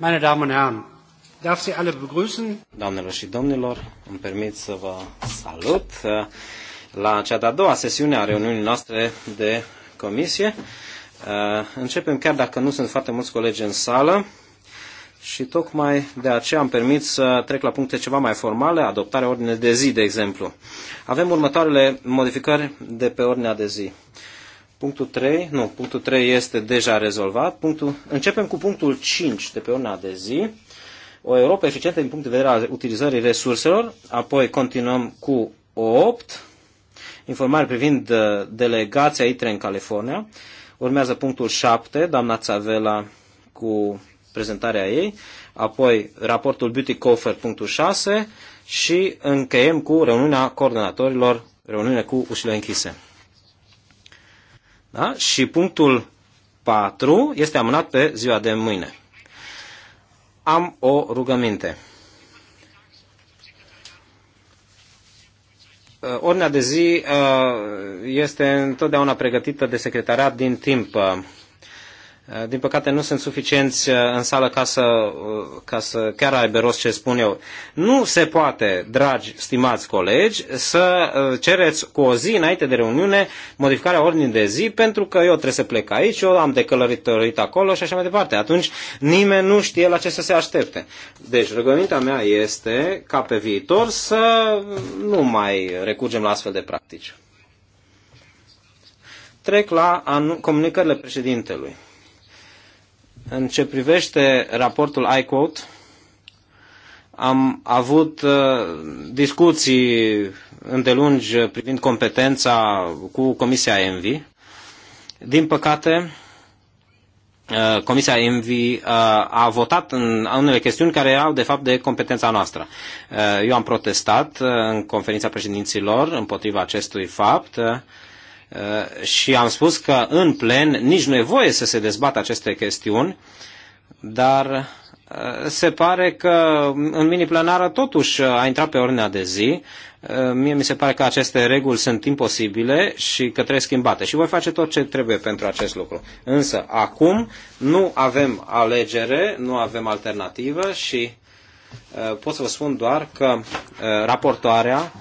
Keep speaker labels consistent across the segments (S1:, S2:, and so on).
S1: Meine Damen und Herren, darf Sie alle begrüßen. Doamnelor și domnilor, îmi permit să vă salut la cea de-a doua sesiune a reuniunii noastre de comisie. Eh, începem chiar dacă nu sunt foarte mulți colegi în sală și tocmai de aceea am permis să trec la puncte ceva mai formale, adoptarea ordinei de zi, de exemplu. Avem următoarele modificări de pe ordinea de zi. Punctul 3, nu, punctul 3 este deja rezolvat. Punctul, începem cu punctul 5 de pe urna de zi. O Europa eficientă din punct de vedere al utilizării resurselor. Apoi continuăm cu 8, informare privind uh, delegația ITRE în California. Urmează punctul 7, doamna Țavela cu prezentarea ei. Apoi raportul Beauty Coffer, punctul 6 și încheiem cu reuniunea coordonatorilor, reuniune cu ușile închise. Da? Și punctul 4 este amânat pe ziua de mâine. Am o rugăminte. Uh, ordinea de zi uh, este întotdeauna pregătită de secretariat din timp uh, Eh, din păcate nu sunt suficienți eh, în sală ca să, eh, ca să chiar aibă rost ce spun eu. Nu se poate, dragi, stimați colegi, să cereți cu o zi înainte de reuniune modificarea ordinii de zi pentru că eu trebuie să plec aici, eu am decălărit acolo și așa mai departe. Atunci nimeni nu știe la ce să se aștepte. Deci rugămintea mea este ca pe viitor să nu mai recurgem la astfel de practici. Trec la comunicările președintelui în ce privește raportul iQuote, am avut uh, discuții îndelungi privind competența cu Comisia ENVI. Din păcate, uh, Comisia ENVI uh, a votat în unele chestiuni care erau, de fapt, de competența noastră. Eu am protestat în conferința președinților împotriva acestui fapt Eh, și am spus că în plen nici nu e voie să se dezbată aceste chestiuni, dar eh, se pare că în mini-plenară totuși a intrat pe ordinea de zi. Eh, mie mi se pare că aceste reguli sunt imposibile și că trebuie schimbate și voi face tot ce trebuie pentru acest lucru. Însă acum nu avem alegere, nu avem alternativă și pot să vă spun doar că raportoarea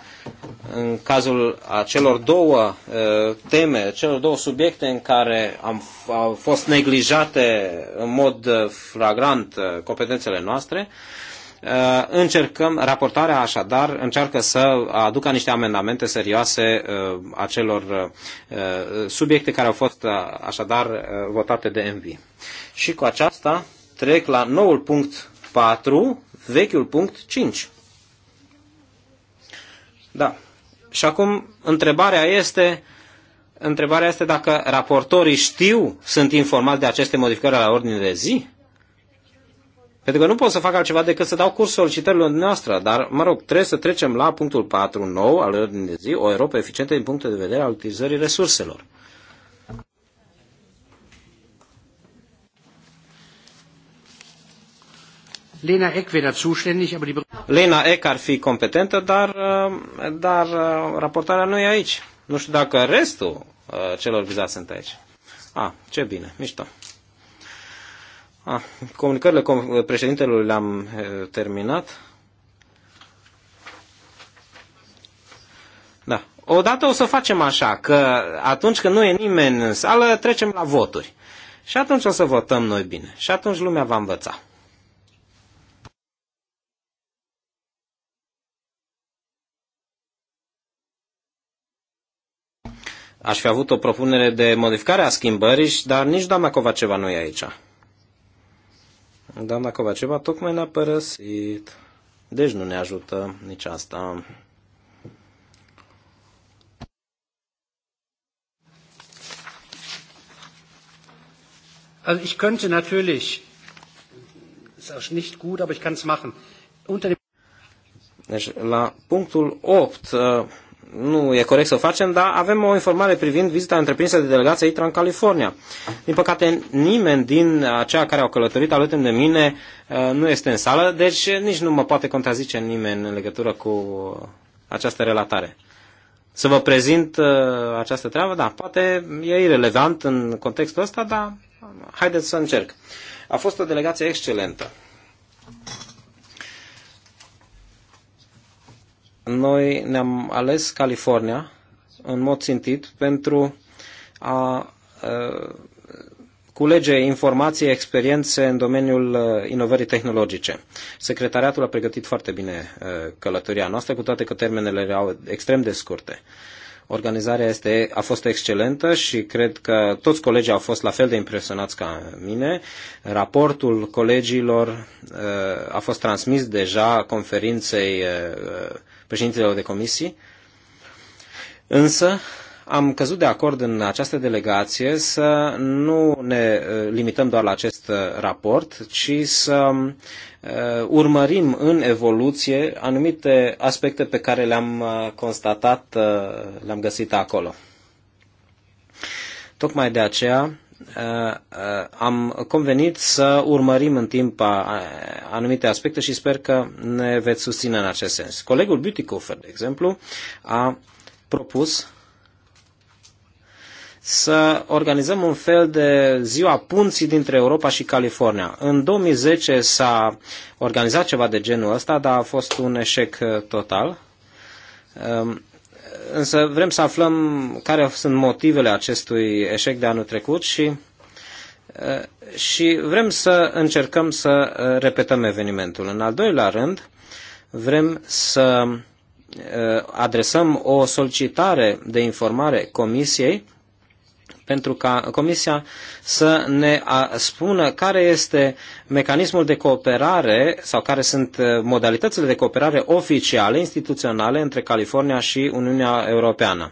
S1: în cazul acelor două uh, teme, celor două subiecte în care am, au fost neglijate în mod uh, flagrant uh, competențele noastre, încercăm, raportarea așadar încearcă să aducă niște amendamente serioase acelor subiecte care au fost așadar votate de MV. Și cu aceasta trec la noul punct 4, vechiul punct 5. Da. Și acum întrebarea este, întrebarea este dacă raportorii știu, sunt informați de aceste modificări la ordine de zi? Pentru că nu pot să fac altceva decât să dau curs solicitărilor noastre, dar, mă rog, trebuie să trecem la punctul 4.9 al ordinii de zi, o Europa eficientă din punct de vedere al utilizării resurselor. Lena Eck wäre da zuständig, aber die... Lena Eck ar fi competentă, dar, uh, dar uh, raportarea nu e aici. Nu știu dacă restul uh, celor vizați sunt aici. A, ah, ce bine, mișto. A, ah, comunicările președintelui le-am terminat. Da. Odată o să facem așa, că atunci când nu e nimeni în sală, trecem la voturi. Și atunci o să votăm noi bine. Și atunci lumea va învăța. Aș fi avut o propunere de modificare a schimbării, dar nici doamna Covaceva nu e aici. Doamna Covaceva tocmai ne-a părăsit. Deci nu ne ajută nici asta. Also ich könnte natürlich, ist auch nicht gut, aber ich kann es machen. Unter dem deci, la punctul 8, nu e corect să o facem, dar avem o informare privind vizita întreprinsă de delegația ITRA în California. Din păcate, nimeni din aceia uh, care au călătorit alături de mine uh, nu este în sală, deci uh, nici nu mă poate contrazice nimeni în legătură cu această relatare. Să vă prezint această treabă, da, poate e irrelevant în contextul ăsta, dar haideți să încerc. A fost o delegație excelentă. noi ne-am ales California în mod țintit pentru a culege informații, experiențe în domeniul inovării tehnologice. Secretariatul a pregătit foarte bine călătoria noastră, cu toate că termenele erau extrem de scurte. Organizarea este, a fost excelentă și cred că toți colegii au fost la fel de impresionați ca mine. Raportul colegilor a fost transmis deja conferinței președintelor de comisii, însă am căzut de acord în această delegație să nu ne uh, limităm doar la acest uh, raport, ci să uh, urmărim în evoluție anumite aspecte pe care le-am constatat, le-am găsit acolo. Tocmai de aceea Uh, uh, am convenit să urmărim în timp anumite aspecte și sper că ne veți susține în acest sens. Colegul Beautycofer, de exemplu, a propus să organizăm un fel de ziua punții dintre Europa și California. În 2010 s-a organizat ceva de genul ăsta, dar a fost un eșec uh, total. Um, însă vrem să aflăm care sunt motivele acestui eșec de anul trecut și, uh, și vrem să încercăm să uh, repetăm evenimentul. În al doilea rând, vrem să uh, adresăm o solicitare de informare Comisiei pentru ca Comisia să ne spună care este mecanismul de cooperare sau care sunt uh, modalitățile de cooperare oficiale, instituționale, între California și Uniunea Europeană.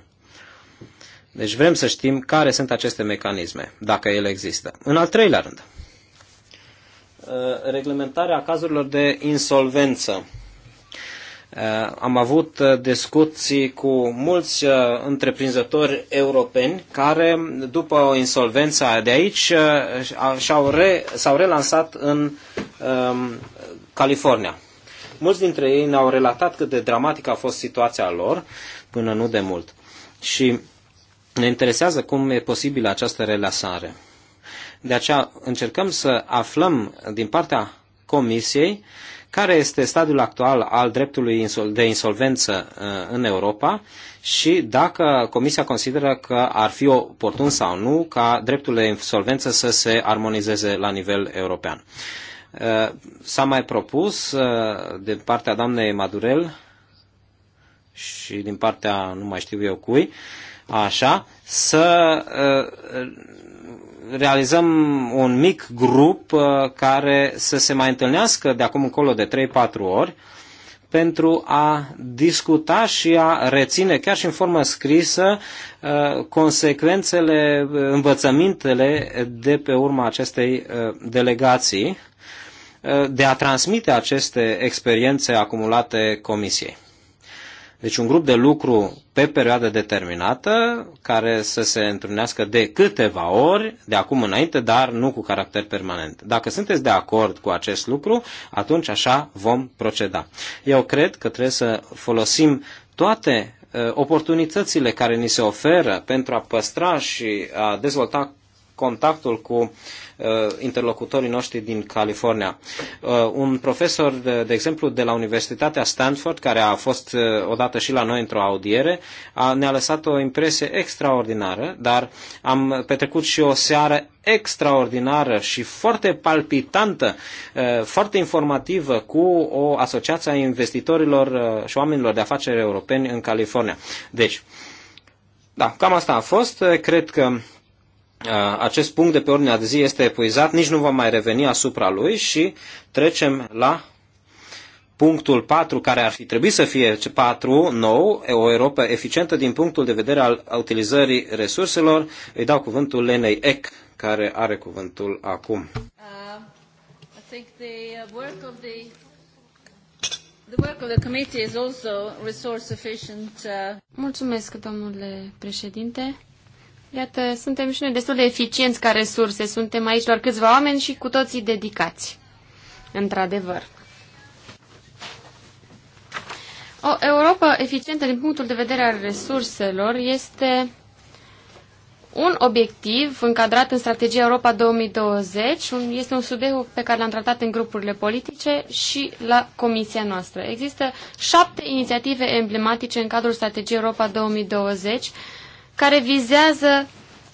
S1: Deci vrem să știm care sunt aceste mecanisme, dacă ele există. În al treilea rând, uh, reglementarea cazurilor de insolvență Eh, am avut eh, discuții cu mulți eh, întreprinzători europeni care, după o insolvență de aici, s-au relansat în ehm, California. Mulți dintre ei ne-au relatat cât de dramatică a fost situația lor până nu de mult. Și ne interesează cum e posibilă această relansare. De aceea încercăm să aflăm din partea Comisiei care este stadiul actual al dreptului de insolvență uh, în Europa și dacă Comisia consideră că ar fi oportun sau nu ca dreptul de insolvență să se armonizeze la nivel european. Uh, s-a mai propus uh, de partea doamnei Madurel și din partea nu mai știu eu cui, așa, să realizăm un mic grup uh, care să se mai întâlnească de acum încolo de 3-4 ori pentru a discuta și a reține, chiar și în formă scrisă, uh, consecințele, învățămintele de pe urma acestei uh, delegații, de a transmite aceste experiențe acumulate comisiei. Deci un grup de lucru pe perioadă determinată, care să se întrunească de câteva ori, de acum înainte, dar nu cu caracter permanent. Dacă sunteți de acord cu acest lucru, atunci așa vom proceda. Eu cred că trebuie să folosim toate oportunitățile care ni se oferă pentru a păstra și a dezvolta contactul cu uh, Uh, interlocutorii noștri din California. Uh, un profesor, de exemplu, de la Universitatea Stanford, care a fost uh, odată și la noi într-o audiere, ne-a lăsat o impresie extraordinară, dar am petrecut și o seară extraordinară și foarte palpitantă, foarte informativă cu o asociație a investitorilor și oamenilor de afaceri europeni în California. Deci, da, cam asta a fost. Cred că Uh, acest punct de pe ordinea de zi este epuizat, nici nu vom mai reveni asupra lui și trecem la punctul 4, care ar fi trebuit să fie 4 nou, o Europa eficientă din punctul de vedere al utilizării resurselor. Îi dau cuvântul Lenei Eck, care are cuvântul acum. Uh,
S2: I think the uh, work of the The work of the committee is also resource efficient. Uh...
S3: Mulțumesc, domnule președinte. Iată, suntem și noi destul de eficienți ca resurse. Suntem aici doar câțiva oameni și cu toții dedicați. Într-adevăr. O Europa eficientă din punctul de vedere al resurselor este un obiectiv încadrat în strategia Europa 2020 este un subiect pe care l-am tratat în grupurile politice și la comisia noastră. Există șapte inițiative emblematice în cadrul strategiei Europa 2020 care vizează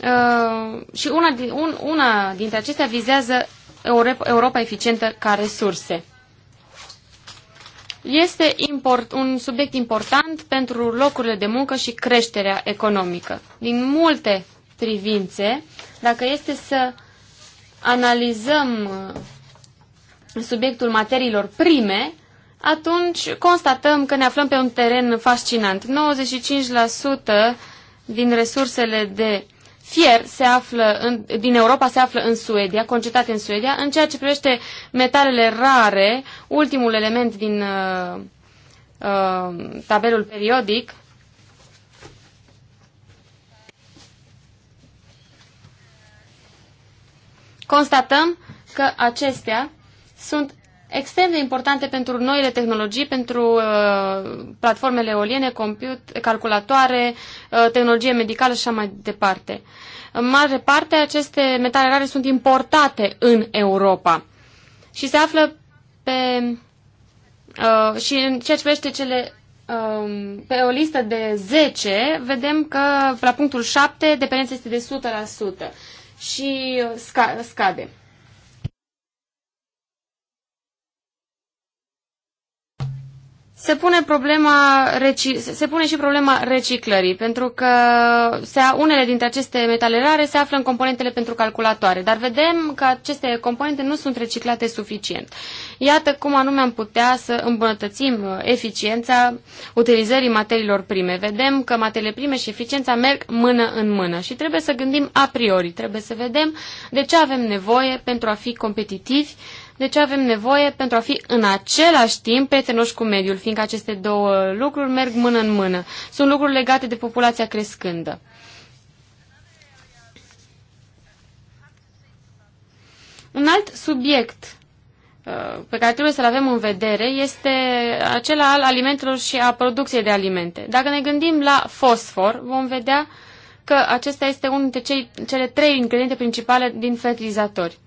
S3: uh, și una, din, un, una dintre acestea vizează Europa eficientă ca resurse. Este import, un subiect important pentru locurile de muncă și creșterea economică. Din multe privințe, dacă este să analizăm uh, subiectul materiilor prime, atunci constatăm că ne aflăm pe un teren fascinant. 95% din resursele de fier se află în, din Europa se află în Suedia, concetate în Suedia. În ceea ce privește metalele rare, ultimul element din uh, uh, tabelul periodic, constatăm că acestea sunt extrem de importante pentru noile tehnologii, pentru uh, platformele eoliene, comput, calculatoare, uh, tehnologie medicală și așa mai departe. În mare parte, aceste metale rare sunt importate în Europa și se află pe uh, și în ceea ce privește cele um, pe o listă de 10, vedem că la punctul 7 dependența este de 100% și uh, sca- scade. se pune, problema, se pune și problema reciclării, pentru că se, unele dintre aceste metale rare se află în componentele pentru calculatoare, dar vedem că aceste componente nu sunt reciclate suficient. Iată cum anume am putea să îmbunătățim uh, eficiența utilizării materiilor prime. Vedem că materiile prime și eficiența merg mână în mână și trebuie să gândim a priori, trebuie să vedem de ce avem nevoie pentru a fi competitivi, de ce avem nevoie pentru a fi în același timp prietenoși cu mediul, fiindcă aceste două lucruri merg mână în mână. Sunt lucruri legate de populația crescândă. Un alt subiect uh, pe care trebuie să-l avem în vedere este acela al alimentelor și a producției de alimente. Dacă ne gândim la fosfor, vom vedea că acesta este unul dintre cei, cele trei ingrediente principale din fertilizatori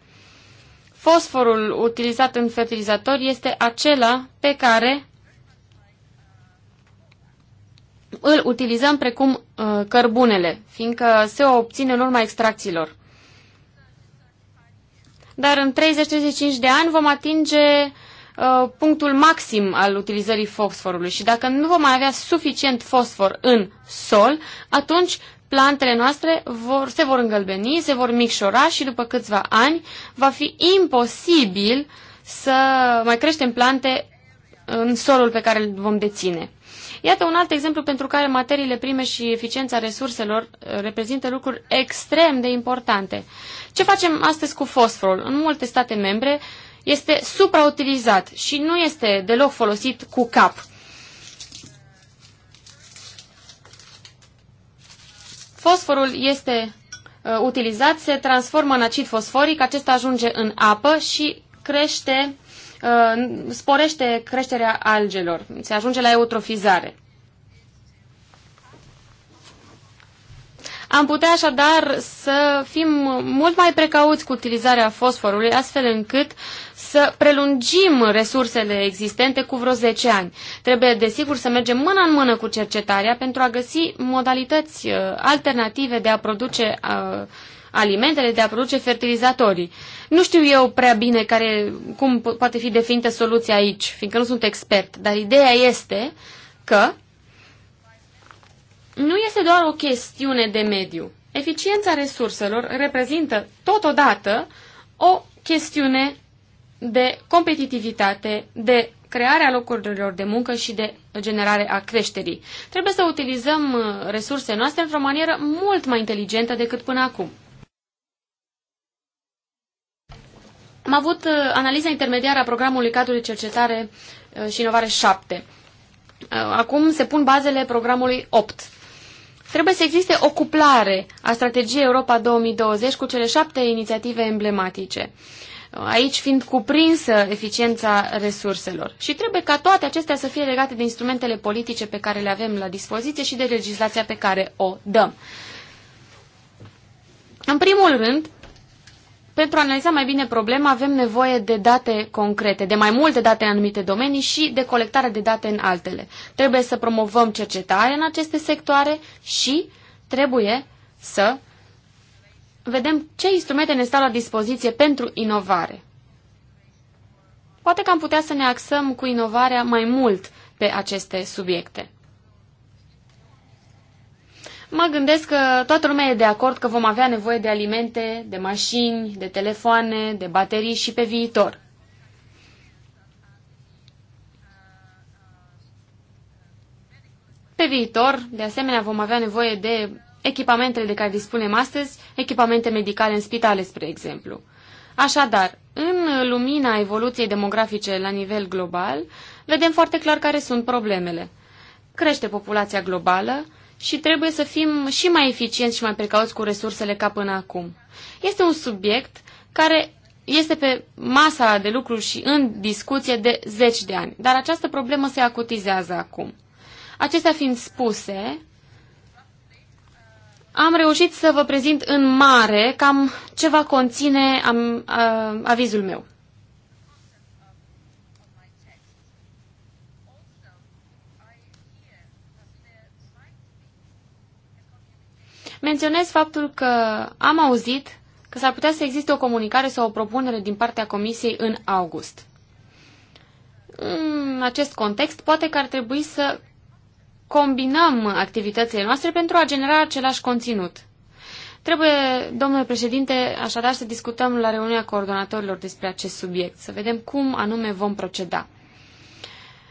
S3: fosforul utilizat în fertilizator este acela pe care îl utilizăm precum uh, cărbunele, fiindcă se obține în urma extracțiilor. Dar în 30-35 de ani vom atinge uh, punctul maxim al utilizării fosforului și dacă nu vom mai avea suficient fosfor în sol, atunci plantele noastre vor, se vor îngălbeni, se vor micșora și după câțiva ani va fi imposibil să mai creștem plante în solul pe care îl vom deține. Iată un alt exemplu pentru care materiile prime și eficiența resurselor uh, reprezintă lucruri extrem de importante. Ce facem astăzi cu fosforul? În multe state membre este suprautilizat și nu este deloc folosit cu cap. Fosforul este uh, utilizat, se transformă în acid fosforic, acesta ajunge în apă și crește, uh, sporește creșterea algelor, se ajunge la eutrofizare. Am putea așadar să fim mult mai precauți cu utilizarea fosforului, astfel încât să prelungim resursele existente cu vreo 10 ani. Trebuie, desigur, să mergem mână în mână cu cercetarea pentru a găsi modalități uh, alternative de a produce uh, alimentele, de a produce fertilizatorii. Nu știu eu prea bine care, cum poate fi definită soluția aici, fiindcă nu sunt expert, dar ideea este că nu este doar o chestiune de mediu. Eficiența resurselor reprezintă totodată o chestiune de competitivitate, de crearea locurilor de muncă și de generare a creșterii. Trebuie să utilizăm uh, resursele noastre într-o manieră mult mai inteligentă decât până acum. Am avut uh, analiza intermediară a programului cadrului cercetare uh, și inovare 7. Acum se pun bazele programului 8. Trebuie să existe o cuplare a strategiei Europa 2020 cu cele șapte inițiative emblematice aici fiind cuprinsă eficiența resurselor. Și trebuie ca toate acestea să fie legate de instrumentele politice pe care le avem la dispoziție și de legislația pe care o dăm. În primul rând, pentru a analiza mai bine problema, avem nevoie de date concrete, de mai multe date în anumite domenii și de colectarea de date în altele. Trebuie să promovăm cercetarea în aceste sectoare și trebuie să vedem ce instrumente ne stau la dispoziție pentru inovare. Poate că am putea să ne axăm cu inovarea mai mult pe aceste subiecte. Mă gândesc că toată lumea e de acord că vom avea nevoie de alimente, de mașini, de telefoane, de baterii și pe viitor. Pe viitor, de asemenea, vom avea nevoie de echipamentele de care dispunem astăzi, echipamente medicale în spitale, spre exemplu. Așadar, în lumina evoluției demografice la nivel global, vedem foarte clar care sunt problemele. Crește populația globală și trebuie să fim și mai eficienți și mai precauți cu resursele ca până acum. Este un subiect care este pe masa de lucru și în discuție de zeci de ani, dar această problemă se acutizează acum. Acestea fiind spuse, am reușit să vă prezint în mare cam ce va conține am, a, avizul meu. Menționez faptul că am auzit că s-ar putea să existe o comunicare sau o propunere din partea Comisiei în august. În acest context, poate că ar trebui să combinăm activitățile noastre pentru a genera același conținut. Trebuie, domnule președinte, așadar să discutăm la reuniunea coordonatorilor despre acest subiect, să vedem cum anume vom proceda.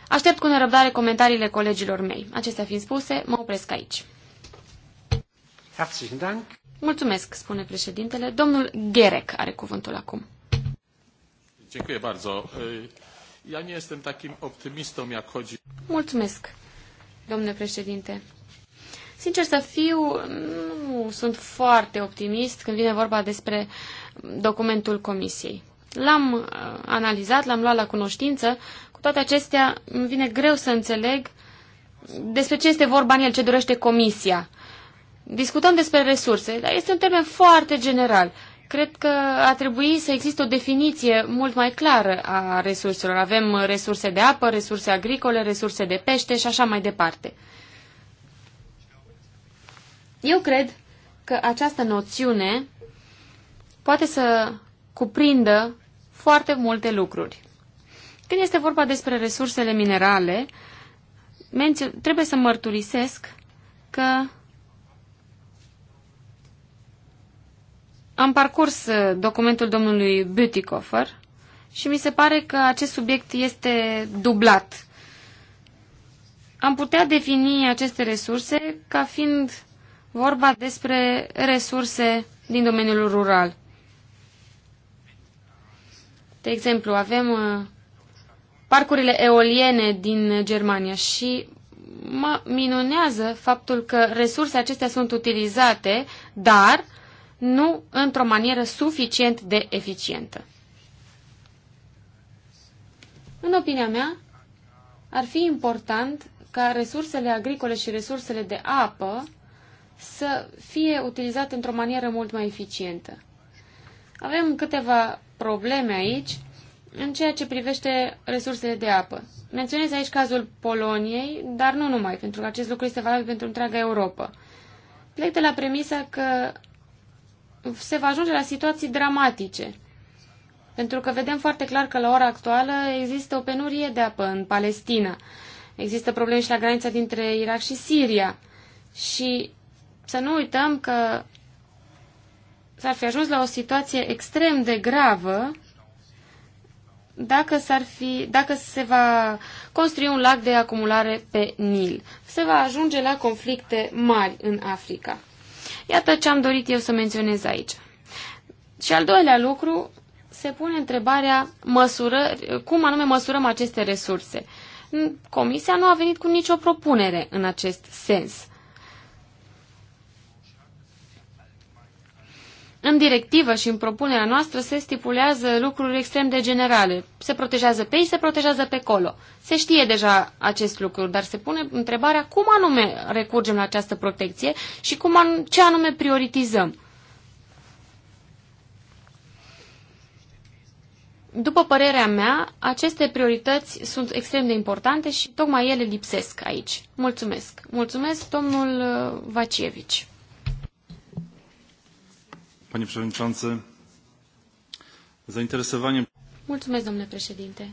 S3: Aștept cu nerăbdare comentariile colegilor mei. Acestea fiind spuse, mă opresc aici. Mulțumesc, spune președintele. Domnul Gerek are cuvântul acum. Mulțumesc domnule președinte. Sincer să fiu, nu sunt foarte optimist când vine vorba despre documentul comisiei. L-am uh, analizat, l-am luat la cunoștință, cu toate acestea îmi vine greu să înțeleg despre ce este vorba în el, ce dorește comisia. Discutăm despre resurse, dar este un termen foarte general. Cred că ar trebui să existe o definiție mult mai clară a resurselor. Avem resurse de apă, resurse agricole, resurse de pește și așa mai departe. Eu cred că această noțiune poate să cuprindă foarte multe lucruri. Când este vorba despre resursele minerale, trebuie să mărturisesc că Am parcurs uh, documentul domnului Butikofer și mi se pare că acest subiect este dublat. Am putea defini aceste resurse ca fiind vorba despre resurse din domeniul rural. De exemplu, avem uh, parcurile eoliene din Germania și mă minunează faptul că resursele acestea sunt utilizate, dar uh, nu într-o manieră suficient de eficientă. În opinia mea, ar fi important ca resursele agricole și resursele de apă să fie utilizate într-o manieră mult mai eficientă. Avem câteva probleme aici în ceea ce privește resursele de apă. Menționez aici cazul Poloniei, dar nu numai, pentru că acest lucru este valabil pentru întreaga Europa. Plec de la premisa că se va ajunge la situații dramatice. Pentru că vedem foarte clar că la ora actuală există o penurie de apă în Palestina. Există probleme și la granița dintre Irak și Siria. Și să nu uităm că s-ar fi ajuns la o situație extrem de gravă dacă, s-ar fi, dacă se va construi un lac de acumulare pe Nil. Se va ajunge la conflicte mari în Africa. Iată ce am dorit eu să menționez aici. Și al doilea lucru, se pune întrebarea măsură, cum anume măsurăm aceste resurse. Comisia nu a venit cu nicio propunere în acest sens. În directivă și în propunerea noastră se stipulează lucruri extrem de generale. Se protejează pe ei, se protejează pe colo. Se știe deja acest lucru, dar se pune întrebarea cum anume recurgem la această protecție și cum an ce anume prioritizăm. După părerea mea, aceste priorități sunt extrem de importante și tocmai ele lipsesc aici. Mulțumesc. Mulțumesc, domnul uh, Vacievici panie przewodniczący. Zainteresowanie... Mulțumesc, domnule președinte.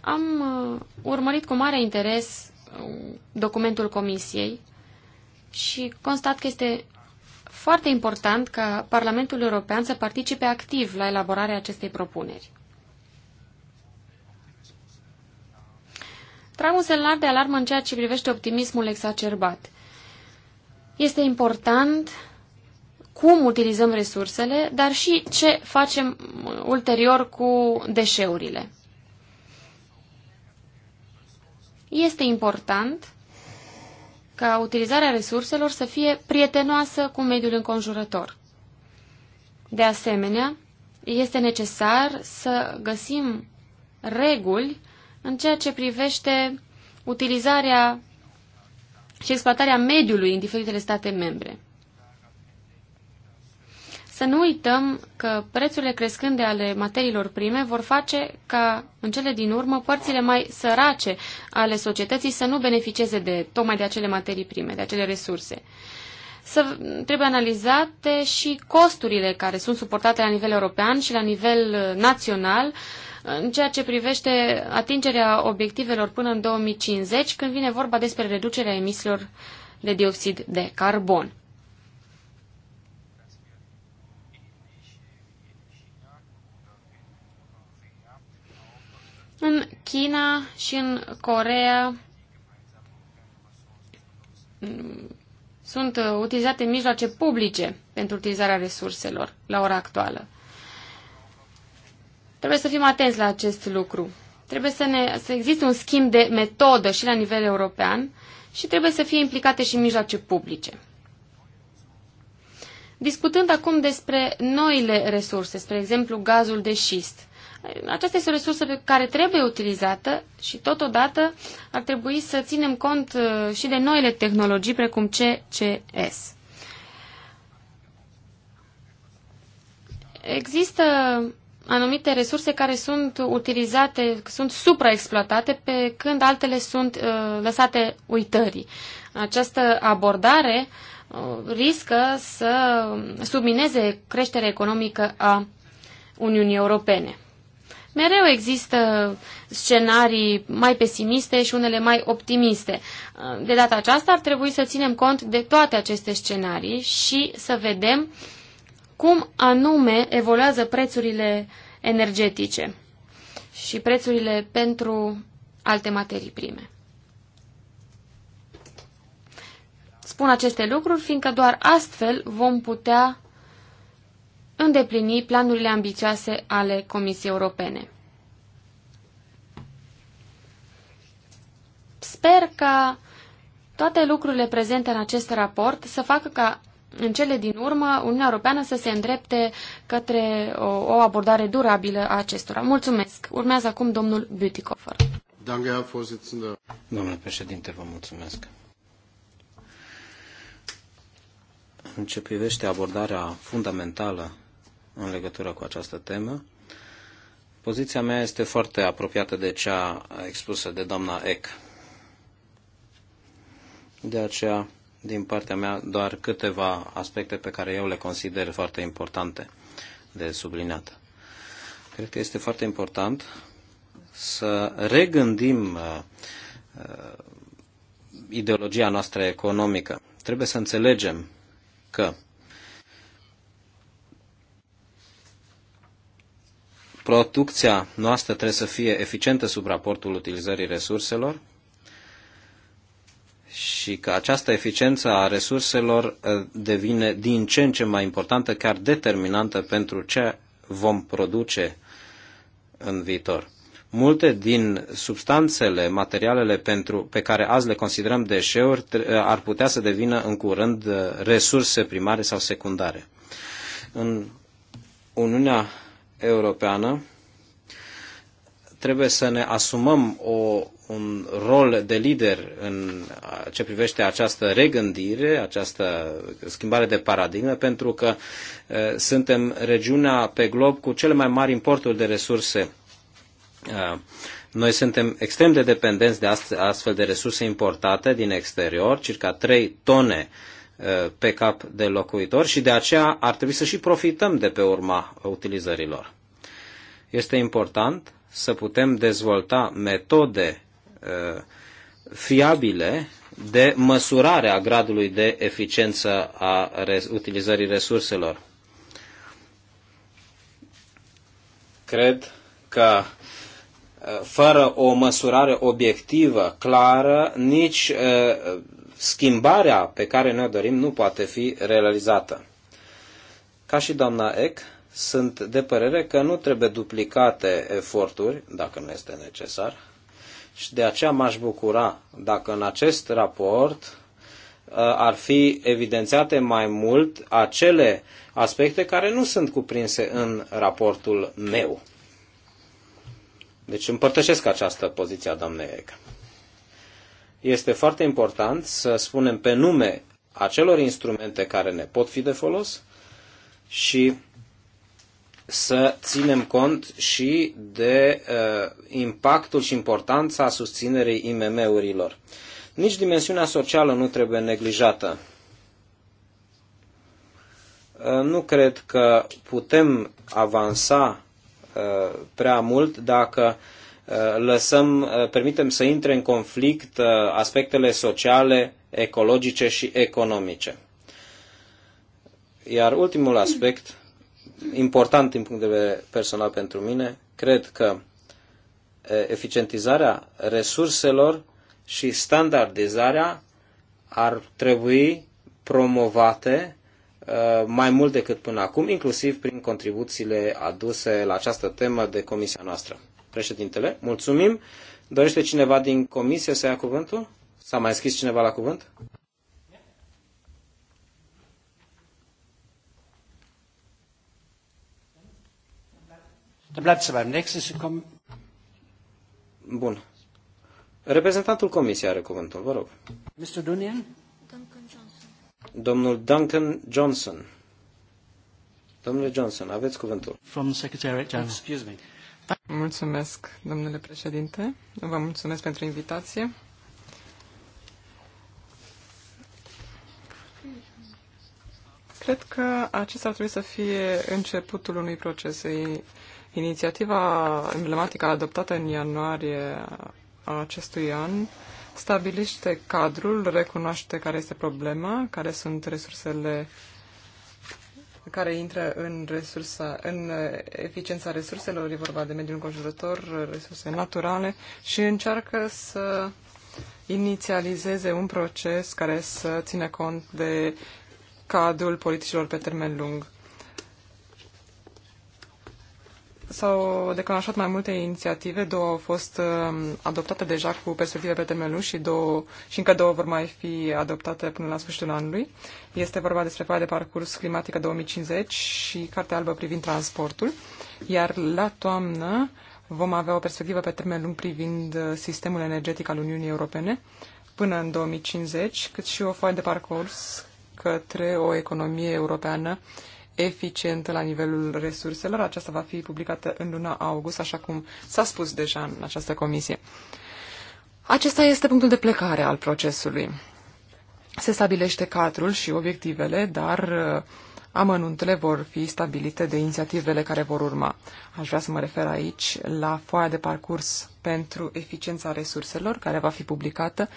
S3: Am uh, urmărit cu mare interes uh, documentul Comisiei și constat că este foarte important ca Parlamentul European să participe activ la elaborarea acestei propuneri. Trag un semnal de alarmă în ceea ce privește optimismul exacerbat. Este important cum utilizăm resursele, dar și ce facem ulterior cu deșeurile. Este important ca utilizarea resurselor să fie prietenoasă cu mediul înconjurător. De asemenea, este necesar să găsim reguli în ceea ce privește utilizarea și exploatarea mediului în diferitele state membre. Să nu uităm că prețurile crescânde ale materiilor prime vor face ca, în cele din urmă, părțile mai sărace ale societății să nu beneficieze de tocmai de acele materii prime, de acele resurse. Să trebuie analizate și costurile care sunt suportate la nivel european și la nivel uh, național uh, în ceea ce privește atingerea obiectivelor până în 2050, când vine vorba despre reducerea emisiilor de dioxid de carbon. În China și în Corea sunt utilizate mijloace publice pentru utilizarea resurselor la ora actuală. Trebuie să fim atenți la acest lucru. Trebuie să, ne, să existe un schimb de metodă și la nivel european și trebuie să fie implicate și mijloace publice. Discutând acum despre noile resurse, spre exemplu gazul de șist, aceasta este o resursă pe care trebuie utilizată și totodată ar trebui să ținem cont uh, și de noile tehnologii precum CCS. Există anumite resurse care sunt utilizate, sunt supraexploatate, pe când altele sunt uh, lăsate uitării. Această abordare uh, riscă să submineze creșterea economică a Uniunii Europene. Mereu există scenarii mai pesimiste și unele mai optimiste. Uh, de data aceasta ar trebui să ținem cont de toate aceste scenarii și să vedem uh, cum anume evoluează prețurile energetice și prețurile pentru alte materii prime. Spun aceste lucruri fiindcă doar astfel vom putea îndeplini planurile ambițioase ale Comisiei Europene. Sper ca toate lucrurile prezente în acest raport să facă ca în cele din urmă Uniunea Europeană să se îndrepte către o, o abordare durabilă a acestora. Mulțumesc. Urmează acum domnul Bütikofer.
S1: Domnule președinte, vă mulțumesc. În ce privește abordarea fundamentală în legătură cu această temă, poziția mea este foarte apropiată de cea expusă de doamna Eck. De aceea din partea mea doar câteva aspecte pe care eu le consider foarte importante de subliniat. Cred că este foarte important să regândim uh, uh, ideologia noastră economică. Trebuie să înțelegem că producția noastră trebuie să fie eficientă sub raportul utilizării resurselor, și că această eficiență a resurselor uh, devine din ce în ce mai importantă, chiar determinantă pentru ce vom produce în viitor. Multe din substanțele, materialele pentru, pe care azi le considerăm deșeuri uh, ar putea să devină în curând uh, resurse primare sau secundare. În Uniunea Europeană trebuie să ne asumăm o un rol de lider în ce privește această regândire, această schimbare de paradigmă, pentru că suntem regiunea pe glob cu cele mai mari importuri de resurse. Noi suntem extrem de dependenți de astfel de resurse importate din exterior, circa 3 tone pe cap de locuitor și de aceea ar trebui să și profităm de pe urma utilizărilor. Este important să putem dezvolta metode Uh, fiabile de măsurare a gradului de eficiență a utilizării resurselor. Cred că uh, fără o măsurare obiectivă, clară, nici uh, schimbarea pe care ne-o dorim nu poate fi realizată. Ca și doamna Eck, sunt de părere că nu trebuie duplicate eforturi, dacă nu este necesar, și de aceea m-aș bucura dacă în acest raport uh, ar fi evidențiate mai mult acele aspecte care nu sunt cuprinse în raportul meu. Deci împărtășesc această poziție a doamnei Ega. Este foarte important să spunem pe nume acelor instrumente care ne pot fi de folos și să ținem cont și de uh, impactul și importanța susținerii IMM-urilor. Nici dimensiunea socială nu trebuie neglijată. Uh, nu cred că putem avansa uh, prea mult dacă uh, lăsăm, uh, permitem să intre în conflict uh, aspectele sociale, ecologice și economice. Iar ultimul aspect important din punct de vedere personal pentru mine. Cred că eficientizarea resurselor și standardizarea ar trebui promovate mai mult decât până acum, inclusiv prin contribuțiile aduse la această temă de comisia noastră. Președintele, mulțumim. Dorește cineva din comisie să ia cuvântul? S-a mai scris cineva la cuvânt? Dann bleibt es beim nächsten. Bun. Reprezentantul Comisiei are cuvântul, vă rog.
S2: Mr. Dunian? Duncan
S1: Johnson. Domnul Duncan Johnson. Domnule Johnson, aveți cuvântul.
S4: From Secretariat General. Excuse me. Mulțumesc, domnule președinte. Vă mulțumesc pentru invitație. Cred că acesta ar trebui să fie începutul unui proces. Inițiativa emblematică adoptată în ianuarie a acestui an stabilește cadrul, recunoaște care este problema, care sunt resursele care intră în, resursa, în eficiența resurselor, e vorba de mediul înconjurător, resurse naturale și încearcă să inițializeze un proces care să țină cont de cadrul politicilor pe termen lung. S-au declanșat mai multe inițiative, două au fost um, adoptate deja cu perspective pe termen lung și, două, și încă două vor mai fi adoptate până la sfârșitul anului. Este vorba despre foaia de parcurs climatică 2050 și Cartea Albă privind transportul, iar la toamnă vom avea o perspectivă pe termen lung privind uh, sistemul energetic al Uniunii Europene până în 2050, cât și o foaie de parcurs către o economie europeană eficientă la nivelul resurselor. Aceasta va fi publicată în luna august, așa cum s-a spus deja în această comisie. Acesta este punctul de plecare al procesului. Se stabilește cadrul și obiectivele, dar uh, amănuntele vor fi stabilite de inițiativele care vor urma. Aș vrea să mă refer aici la foaia de parcurs pentru eficiența resurselor, care va fi publicată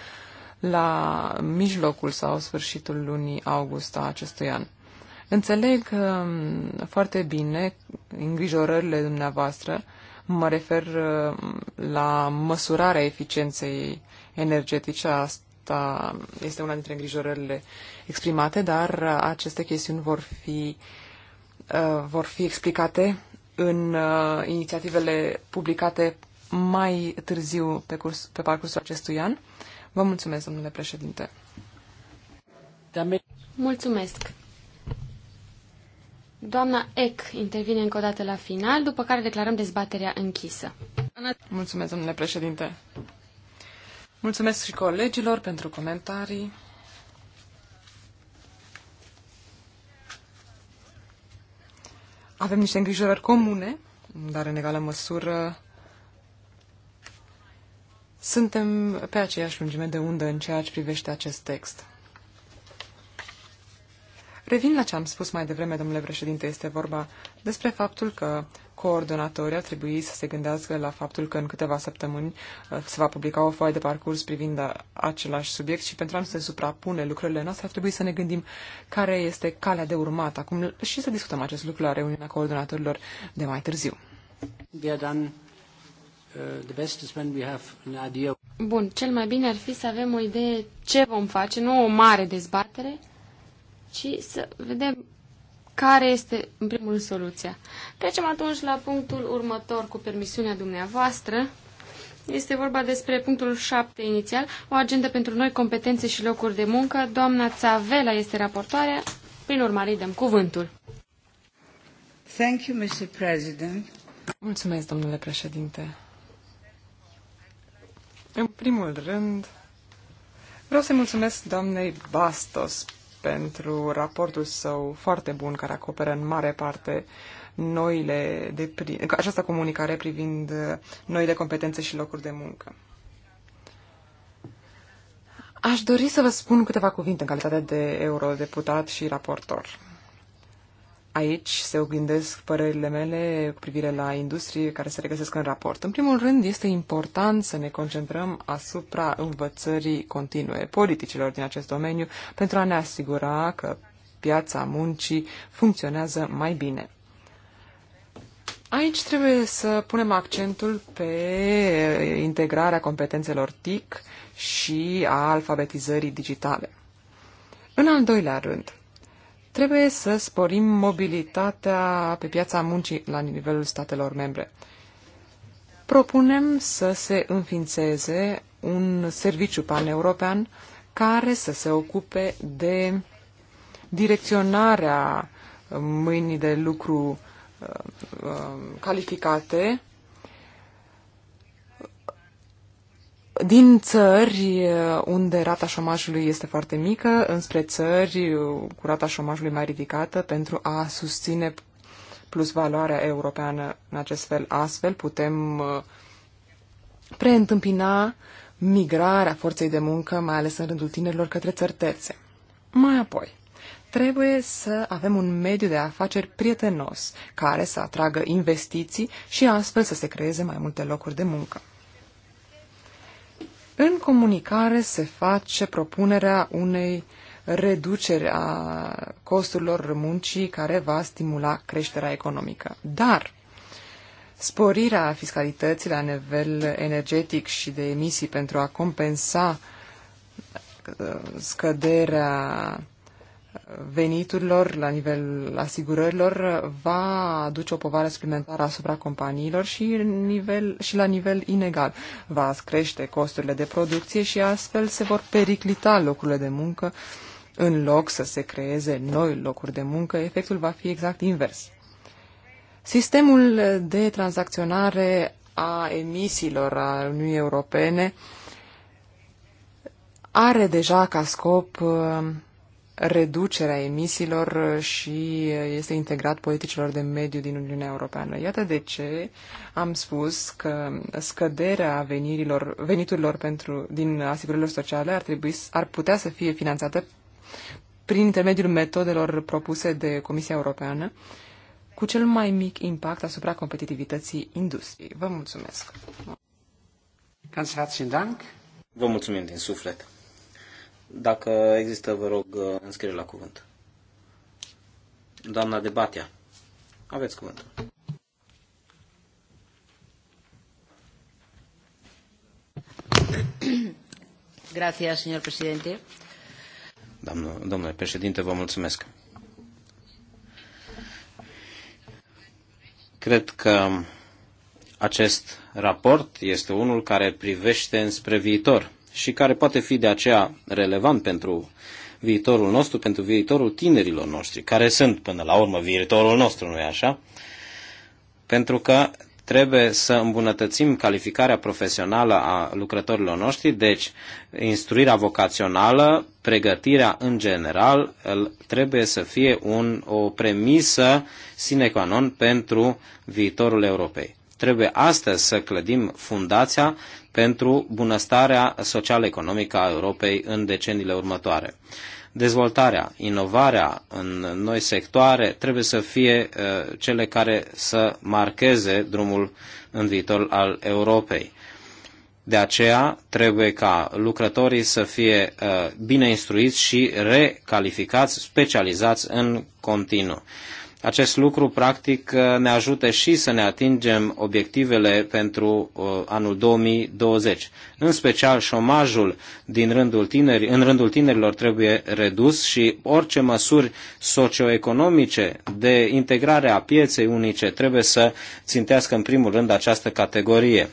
S4: la mijlocul sau sfârșitul lunii august a acestui an. Înțeleg um, foarte bine îngrijorările dumneavoastră. Mă refer um, la măsurarea eficienței energetice. Asta este una dintre îngrijorările exprimate, dar aceste chestiuni vor fi, uh, vor fi explicate în uh, inițiativele publicate mai târziu pe, curs, pe parcursul acestui an. Vă mulțumesc, domnule președinte.
S3: Mulțumesc. Doamna Eck intervine încă o dată la final, după care declarăm dezbaterea închisă.
S4: Mulțumesc, domnule președinte. Mulțumesc și colegilor pentru comentarii. Avem niște îngrijorări comune, dar în egală măsură suntem pe aceeași lungime de undă în ceea ce privește acest text. Revin la ce am spus mai devreme, domnule președinte, este vorba despre faptul că coordonatorii ar trebui să se gândească la faptul că în câteva săptămâni uh, se va publica o foaie de parcurs privind uh, același subiect și pentru a nu se suprapune lucrurile noastre ar trebui să ne gândim care este calea de urmat acum și să discutăm acest lucru la reuniunea coordonatorilor de mai târziu.
S3: Uh, Bun, cel mai bine ar fi să avem o idee ce vom face, nu o mare dezbatere, ci să vedem care este, în primul rând, soluția. Trecem atunci la punctul următor, cu permisiunea dumneavoastră. Este vorba despre punctul 7 inițial, o agendă pentru noi, competențe și locuri de muncă. Doamna Țavela este raportoarea, prin urmare îi dăm cuvântul.
S4: Thank you, Mr. President. Mulțumesc, domnule președinte. În primul rând, vreau să-i mulțumesc doamnei Bastos pentru raportul său foarte bun, care acoperă în mare parte noile de pri- această comunicare privind noile competențe și locuri de muncă. Aș dori să vă spun câteva cuvinte în calitate de eurodeputat și raportor. Aici se oglindesc părerile mele cu privire la industrie care se regăsesc în raport. În primul rând, este important să ne concentrăm asupra învățării continue politicilor din acest domeniu pentru a ne asigura că piața muncii funcționează mai bine. Aici trebuie să punem accentul pe integrarea competențelor TIC și a alfabetizării digitale. În al doilea rând, Trebuie să sporim mobilitatea pe piața muncii la nivelul statelor membre. Propunem să se înființeze un serviciu paneuropean care să se ocupe de direcționarea mâinii de lucru uh, uh, calificate din țări uh, unde rata șomajului este foarte mică, înspre țări uh, cu rata șomajului mai ridicată pentru a susține plus valoarea europeană în acest fel. Astfel putem uh, preîntâmpina migrarea forței de muncă, mai ales în rândul tinerilor, către țări terțe. Mai apoi, trebuie să avem un mediu de afaceri prietenos, care să atragă investiții și astfel să se creeze mai multe locuri de muncă. În comunicare se face propunerea unei reduceri a costurilor muncii care va stimula creșterea economică. Dar sporirea fiscalității la nivel energetic și de emisii pentru a compensa uh, scăderea veniturilor, la nivel asigurărilor, va aduce o povară suplimentară asupra companiilor și, nivel, și la nivel inegal. Va crește costurile de producție și astfel se vor periclita locurile de muncă. În loc să se creeze noi locuri de muncă, efectul va fi exact invers. Sistemul de tranzacționare a emisiilor a Uniunii Europene are deja ca scop uh, reducerea emisiilor și este integrat politicilor de mediu din Uniunea Europeană. Iată de ce am spus că scăderea venirilor, veniturilor pentru, din asigurările sociale ar, trebui, ar putea să fie finanțată prin intermediul metodelor propuse de Comisia Europeană cu cel mai mic impact asupra competitivității industriei. Vă mulțumesc!
S1: Vă mulțumim din suflet! Dacă există, vă rog, uh, înscriere la cuvânt. Doamna Debatia, aveți cuvântul.
S3: Gracias, señor presidente.
S1: domnule președinte, vă mulțumesc. Cred că acest raport este unul care privește înspre viitor și care poate fi de aceea relevant pentru viitorul nostru, pentru viitorul tinerilor noștri, care sunt până la urmă viitorul nostru, nu-i așa? Pentru că trebuie să îmbunătățim calificarea profesională a lucrătorilor noștri, deci instruirea vocațională, pregătirea în general trebuie să fie un, o premisă sine qua non pentru viitorul Europei. Trebuie astăzi să clădim fundația pentru bunăstarea social-economică a Europei în deceniile următoare. Dezvoltarea, inovarea în noi sectoare trebuie să fie uh, cele care să marcheze drumul în viitor al Europei. De aceea trebuie ca lucrătorii să fie uh, bine instruiți și recalificați, specializați în continuu. Acest lucru, practic, ne ajută și să ne atingem obiectivele pentru uh, anul 2020. În special, șomajul din rândul tineri, în rândul tinerilor trebuie redus și orice măsuri socioeconomice de integrare a pieței unice trebuie să țintească în primul rând această categorie.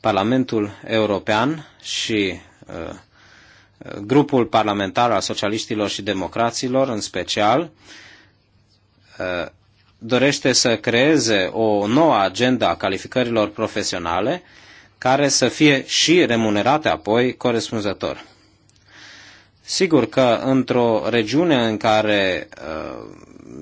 S1: Parlamentul European și uh, grupul parlamentar al socialiștilor și democraților în special, dorește să creeze o nouă agenda a calificărilor profesionale care să fie și remunerate apoi corespunzător. Sigur că într-o regiune în care uh,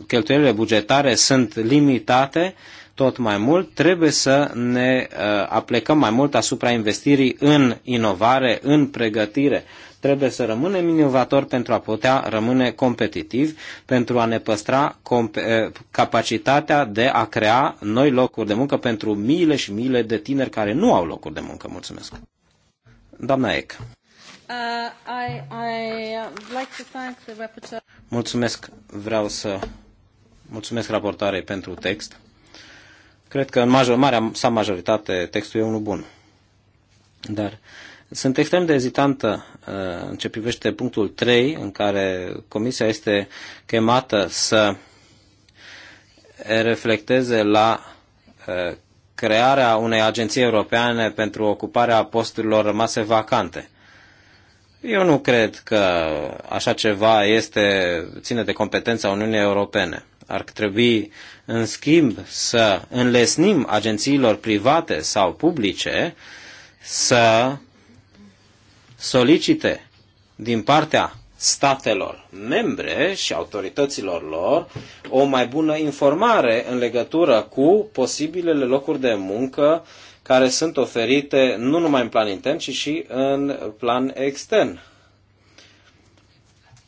S1: cheltuielile bugetare sunt limitate, tot mai mult trebuie să ne uh, aplecăm mai mult asupra investirii în inovare, în pregătire, Trebuie să rămânem inovatori pentru a putea rămâne competitivi, pentru a ne păstra eh, capacitatea de a crea noi locuri de muncă pentru miile și miile de tineri care nu au locuri de muncă. Mulțumesc. Doamna Eck. Uh,
S2: I, I uh, like to thank the rapporteur.
S1: Mulțumesc, vreau să mulțumesc raportarei pentru text. Cred că în major, marea sa majoritate textul e unul bun. Dar sunt extrem de ezitantă uh, în ce privește punctul 3, în care Comisia este chemată să reflecteze la uh, crearea unei agenții europene pentru ocuparea posturilor rămase vacante. Eu nu cred că așa ceva este, ține de competența Uniunii Europene. Ar trebui, în schimb, să înlesnim agențiilor private sau publice să solicite din partea statelor membre și autorităților lor o mai bună informare în legătură cu posibilele locuri de muncă care sunt oferite nu numai în plan intern, ci și în plan extern.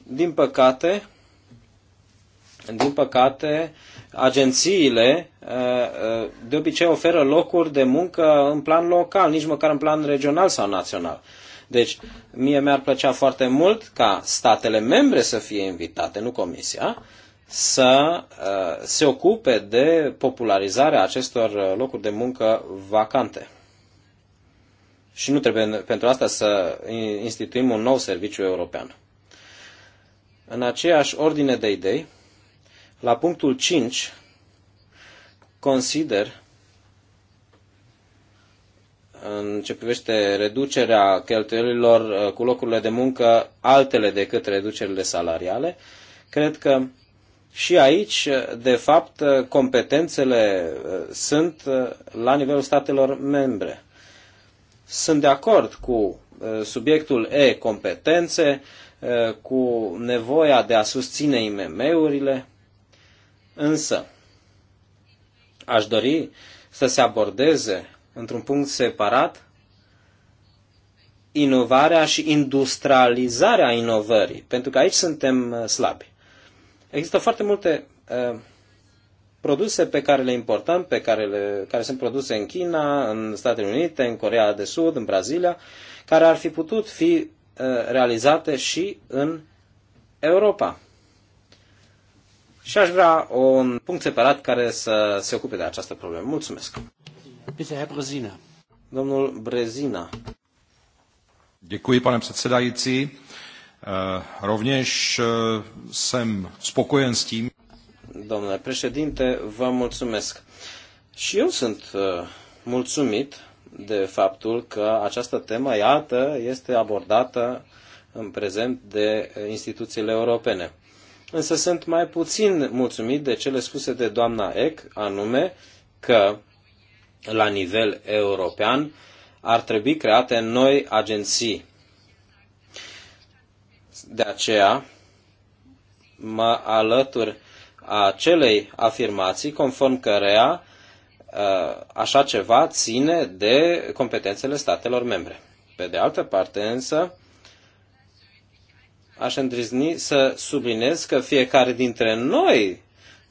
S1: Din păcate, din păcate, agențiile eh, eh, de obicei oferă locuri de muncă în plan local, nici măcar în plan regional sau național. Deci, mie mi-ar plăcea foarte mult ca statele membre să fie invitate, nu Comisia, să uh, se ocupe de popularizarea acestor uh, locuri de muncă vacante. Și nu trebuie pentru asta să instituim un nou serviciu european. În aceeași ordine de idei, la punctul 5, consider în ce privește reducerea cheltuielilor uh, cu locurile de muncă altele decât reducerile salariale, cred că și aici, uh, de fapt, uh, competențele sunt la nivelul statelor membre. Sunt de acord cu subiectul E, competențe, cu nevoia de a susține IMM-urile, însă aș dori să se abordeze într-un punct separat, inovarea și industrializarea inovării, pentru că aici suntem uh, slabi. Există foarte multe uh, produse pe care le importăm, pe care, le, care sunt produse în China, în Statele Unite, în Corea de Sud, în Brazilia, care ar fi putut fi uh, realizate și în Europa. Și aș vrea un punct separat care să se ocupe de această problemă. Mulțumesc! Brezina. Domnul Brezina.
S4: Děkuji, pane předsedající. Eh,
S1: rovněž eh, jsem spokojen s tím. Domnule președinte, vă mulțumesc. Și eu sunt eh, mulțumit de faptul că această temă, iată, este abordată în prezent de instituțiile europene. Însă sunt mai puțin mulțumit de cele spuse de doamna Eck, anume că
S3: la nivel
S1: european, ar trebui create noi agenții. De aceea, mă alătur acelei afirmații conform cărea uh, așa ceva ține de competențele statelor membre. Pe de altă parte, însă, aș îndrizni să subliniez că fiecare dintre noi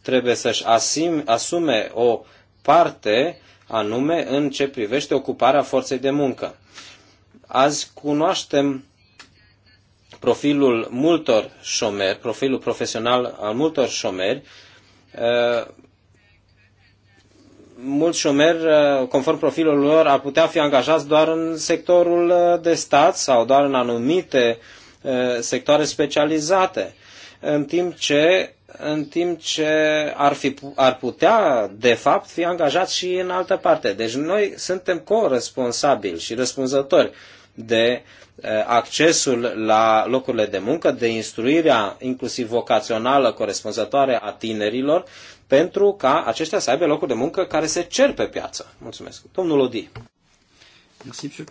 S1: trebuie să-și asume o parte anume în ce privește ocuparea forței de muncă. Azi cunoaștem profilul multor șomeri, profilul profesional al multor șomeri. Eh, mulți șomeri, eh, conform profilului lor, ar putea fi angajați doar în sectorul eh, de stat sau doar în anumite sectoare specializate, în timp ce în timp ce ar, fi, ar putea, de fapt, fi angajat și în altă parte. Deci noi suntem corresponsabili și răspunzători de eh, accesul la locurile de muncă, de instruirea inclusiv vocațională corespunzătoare a tinerilor, pentru ca aceștia să aibă locuri de muncă care se cer pe piață. Mulțumesc. Domnul Odi.
S2: Mulțumesc,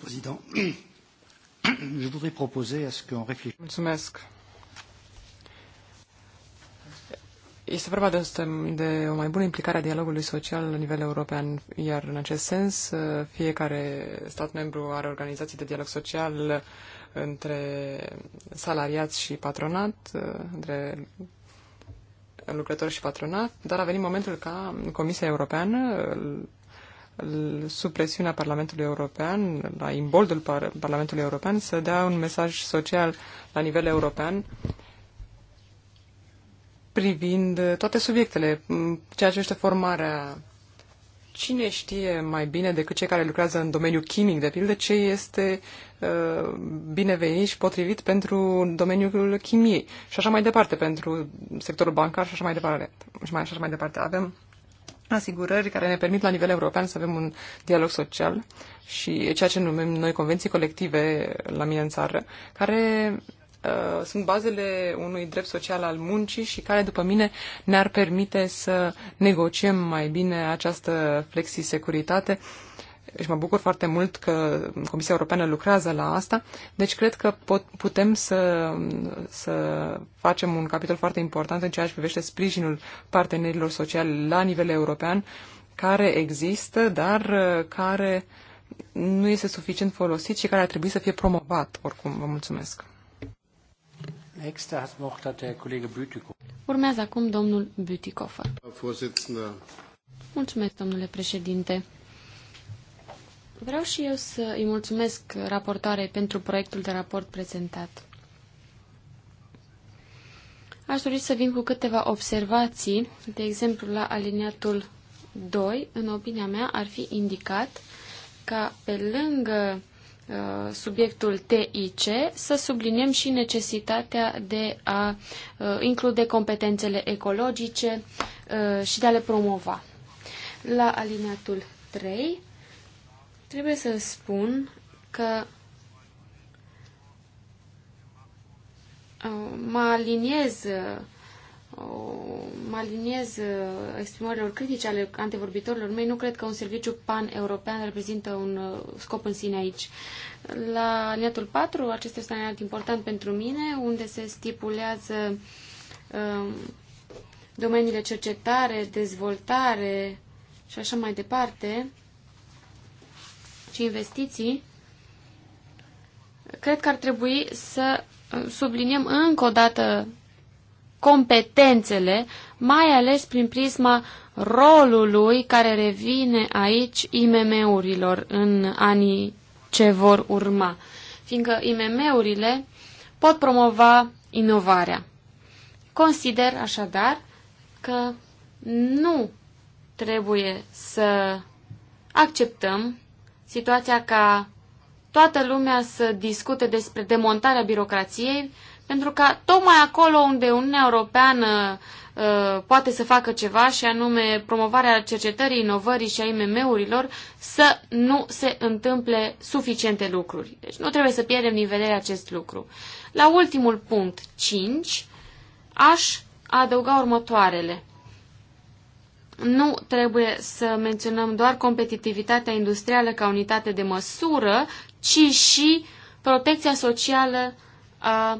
S2: Mulțumesc.
S4: Este vorba de, de o mai bună implicare a dialogului social la nivel european, iar în acest sens uh, fiecare stat membru are organizații de dialog social uh, între salariați și patronat, uh, între lucrători și patronat, dar a venit momentul ca Comisia Europeană, sub presiunea Parlamentului European, la imboldul Parlamentului European, să dea un mesaj social la nivel european privind uh, toate subiectele, ceea ce este formarea. Cine știe mai bine decât cei care lucrează în domeniul chimic, de pildă, ce este uh, binevenit și potrivit pentru domeniul chimiei și așa mai departe, pentru sectorul bancar și așa mai departe. Și mai, așa mai departe. Avem asigurări care ne permit la nivel european să avem un dialog social și ceea ce numim noi convenții colective la mine în țară, care Uh, sunt bazele unui drept social al muncii și care, după mine, ne-ar permite să negociem mai bine această flexisecuritate și mă bucur foarte mult că Comisia Europeană lucrează la asta. Deci cred că pot, putem să, să facem un capitol foarte important în ceea ce privește sprijinul partenerilor sociali la nivel european, care există, dar uh, care nu este suficient folosit și care ar trebui să fie promovat oricum. Vă mulțumesc.
S3: Urmează acum domnul Bütikofer. Mulțumesc, domnule președinte. Vreau și eu să îi mulțumesc raportoare pentru proiectul de raport prezentat. Aș dori să vin cu câteva observații, de exemplu la aliniatul 2, în opinia mea ar fi indicat ca pe lângă Uh, subiectul TIC, să subliniem și necesitatea de a uh, include competențele ecologice uh, și de a le promova. La alineatul 3, trebuie să spun că mă aliniez mă aliniez uh, exprimărilor critice ale antevorbitorilor mei. Nu cred că un serviciu pan-european reprezintă un uh, scop în sine aici. La aliniatul 4, acesta este un aliniat important pentru mine, unde se stipulează um, domeniile cercetare, dezvoltare și așa mai departe și investiții, cred că ar trebui să uh, subliniem încă o dată competențele, mai ales prin prisma rolului care revine aici IMM-urilor în anii ce vor urma, fiindcă IMM-urile pot promova inovarea. Consider așadar că nu trebuie să acceptăm situația ca toată lumea să discute despre demontarea birocrației, pentru că tocmai acolo unde Uniunea Europeană uh, poate să facă ceva și anume promovarea cercetării, inovării și a IMM-urilor, să nu se întâmple suficiente lucruri. Deci nu trebuie să pierdem din vedere acest lucru. La ultimul punct, 5, aș adăuga următoarele. Nu trebuie să menționăm doar competitivitatea industrială ca unitate de măsură, ci și protecția socială a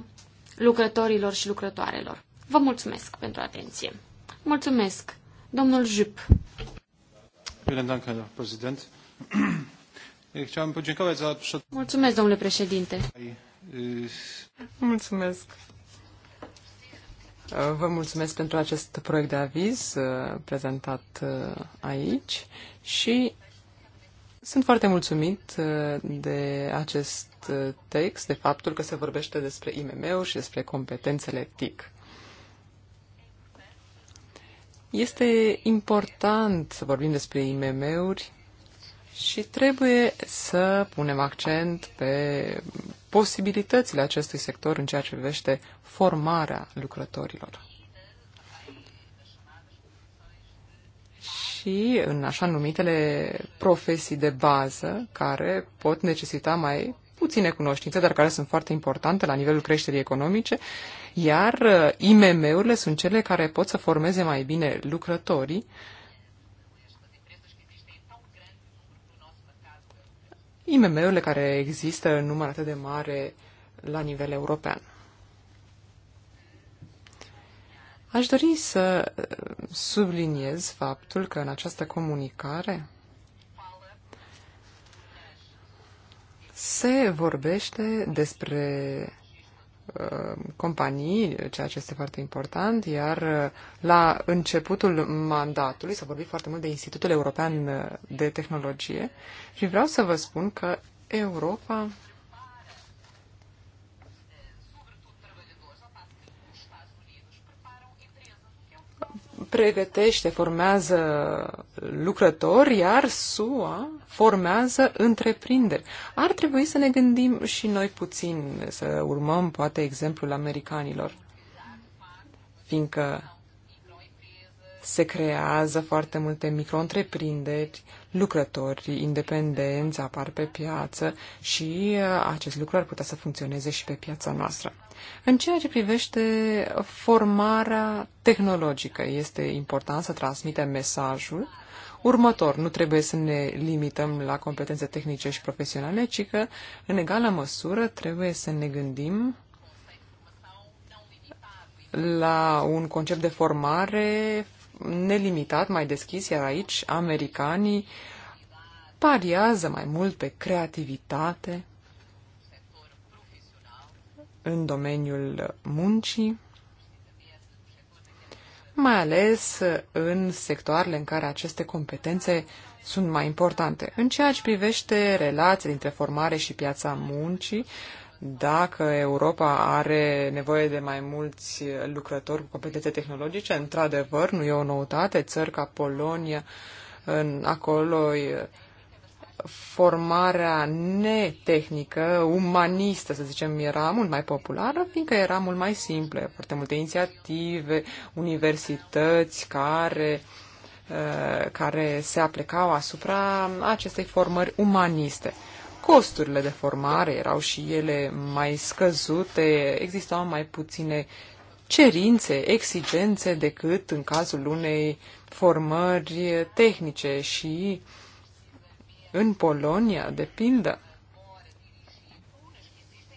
S3: lucrătorilor și lucrătoarelor. Vă mulțumesc pentru atenție. Mulțumesc, domnul Jup. Mulțumesc, domnule președinte. Mulțumesc.
S4: Vă mulțumesc pentru acest proiect de aviz uh, prezentat uh, aici și sunt foarte mulțumit uh, de acest uh, text, de faptul că se vorbește despre IMM-uri și despre competențele TIC. Este important să vorbim despre IMM-uri și trebuie să punem accent pe posibilitățile acestui sector în ceea ce privește formarea lucrătorilor. și în așa numitele profesii de bază care pot necesita mai puține cunoștințe, dar care sunt foarte importante la nivelul creșterii economice, iar uh, IMM-urile sunt cele care pot să formeze mai bine lucrătorii. IMM-urile care există în număr atât de mare la nivel european. Aș dori să uh, subliniez faptul că în această comunicare se vorbește despre uh, companii, ceea ce este foarte important, iar uh, la începutul mandatului s-a vorbit foarte mult de Institutul European de Tehnologie și vreau să vă spun că Europa pregătește, formează lucrători, iar SUA formează întreprinderi. Ar trebui să ne gândim și noi puțin, să urmăm poate exemplul americanilor, fiindcă se creează foarte multe micro-întreprinderi, lucrători independenți apar pe piață și uh, acest lucru ar putea să funcționeze și pe piața noastră. În ceea ce privește formarea tehnologică, este important să transmitem mesajul următor. Nu trebuie să ne limităm la competențe tehnice și profesionale, ci că, în egală măsură, trebuie să ne gândim la un concept de formare nelimitat, mai deschis, iar aici americanii pariază mai mult pe creativitate, în domeniul muncii, mai ales în sectoarele în care aceste competențe sunt mai importante. În ceea ce privește relația dintre formare și piața muncii, dacă Europa are nevoie de mai mulți lucrători cu competențe tehnologice, într-adevăr, nu e o noutate, țări ca Polonia, în acolo formarea netehnică, umanistă, să zicem, era mult mai populară, fiindcă era mult mai simplă. Foarte multe inițiative, universități care, uh, care se aplicau asupra acestei formări umaniste. Costurile de formare erau și ele mai scăzute, existau mai puține cerințe, exigențe decât în cazul unei formări tehnice și uh, în Polonia, de pildă,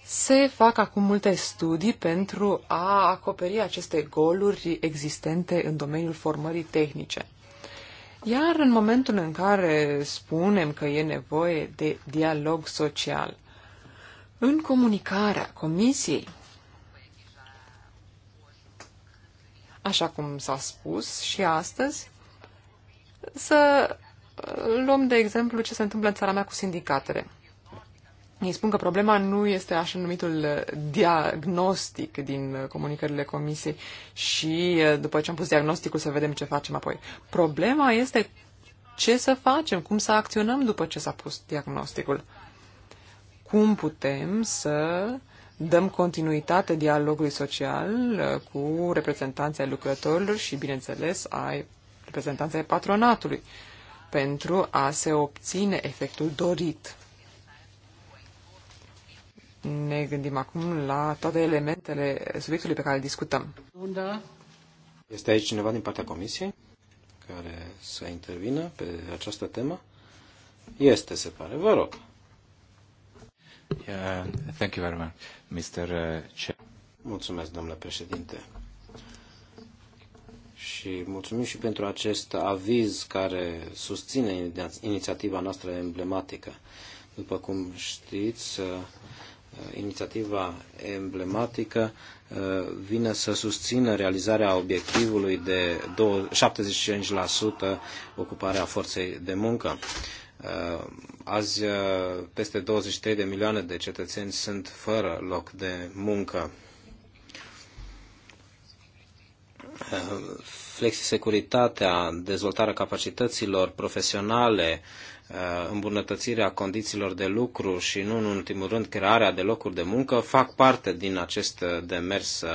S4: se fac acum multe studii pentru a acoperi aceste goluri existente în domeniul formării tehnice. Iar în momentul în care spunem că e nevoie de dialog social, în comunicarea Comisiei, așa cum s-a spus și astăzi, să luăm de exemplu ce se întâmplă în țara mea cu sindicatele. Ei spun că problema nu este așa numitul uh, diagnostic din uh, comunicările comisiei și uh, după ce am pus diagnosticul să vedem ce facem apoi. Problema este ce să facem, cum să acționăm după ce s-a pus diagnosticul. Cum putem să dăm continuitate dialogului social cu reprezentanții lucrătorilor și, bineînțeles, ai reprezentanții patronatului. Uh, pentru a se obține efectul dorit. Ne gândim acum la toate elementele subiectului pe care îl discutăm.
S1: Este aici cineva din partea comisiei care să intervină pe această temă? Este, se pare. Vă rog. Yeah, thank you very much, Mr. Uh, Chair. Mulțumesc, domnule președinte și mulțumim și pentru acest aviz care susține inițiativa noastră emblematică. După cum știți, uh, inițiativa emblematică uh, vine să susțină realizarea obiectivului de 75% ocuparea forței de muncă. Uh, azi, peste 23 de milioane de cetățeni sunt fără loc de muncă flexisecuritatea, dezvoltarea capacităților profesionale, uh, îmbunătățirea condițiilor de lucru și, nu în ultimul rând, crearea de locuri de muncă, fac parte din acest uh, demers uh,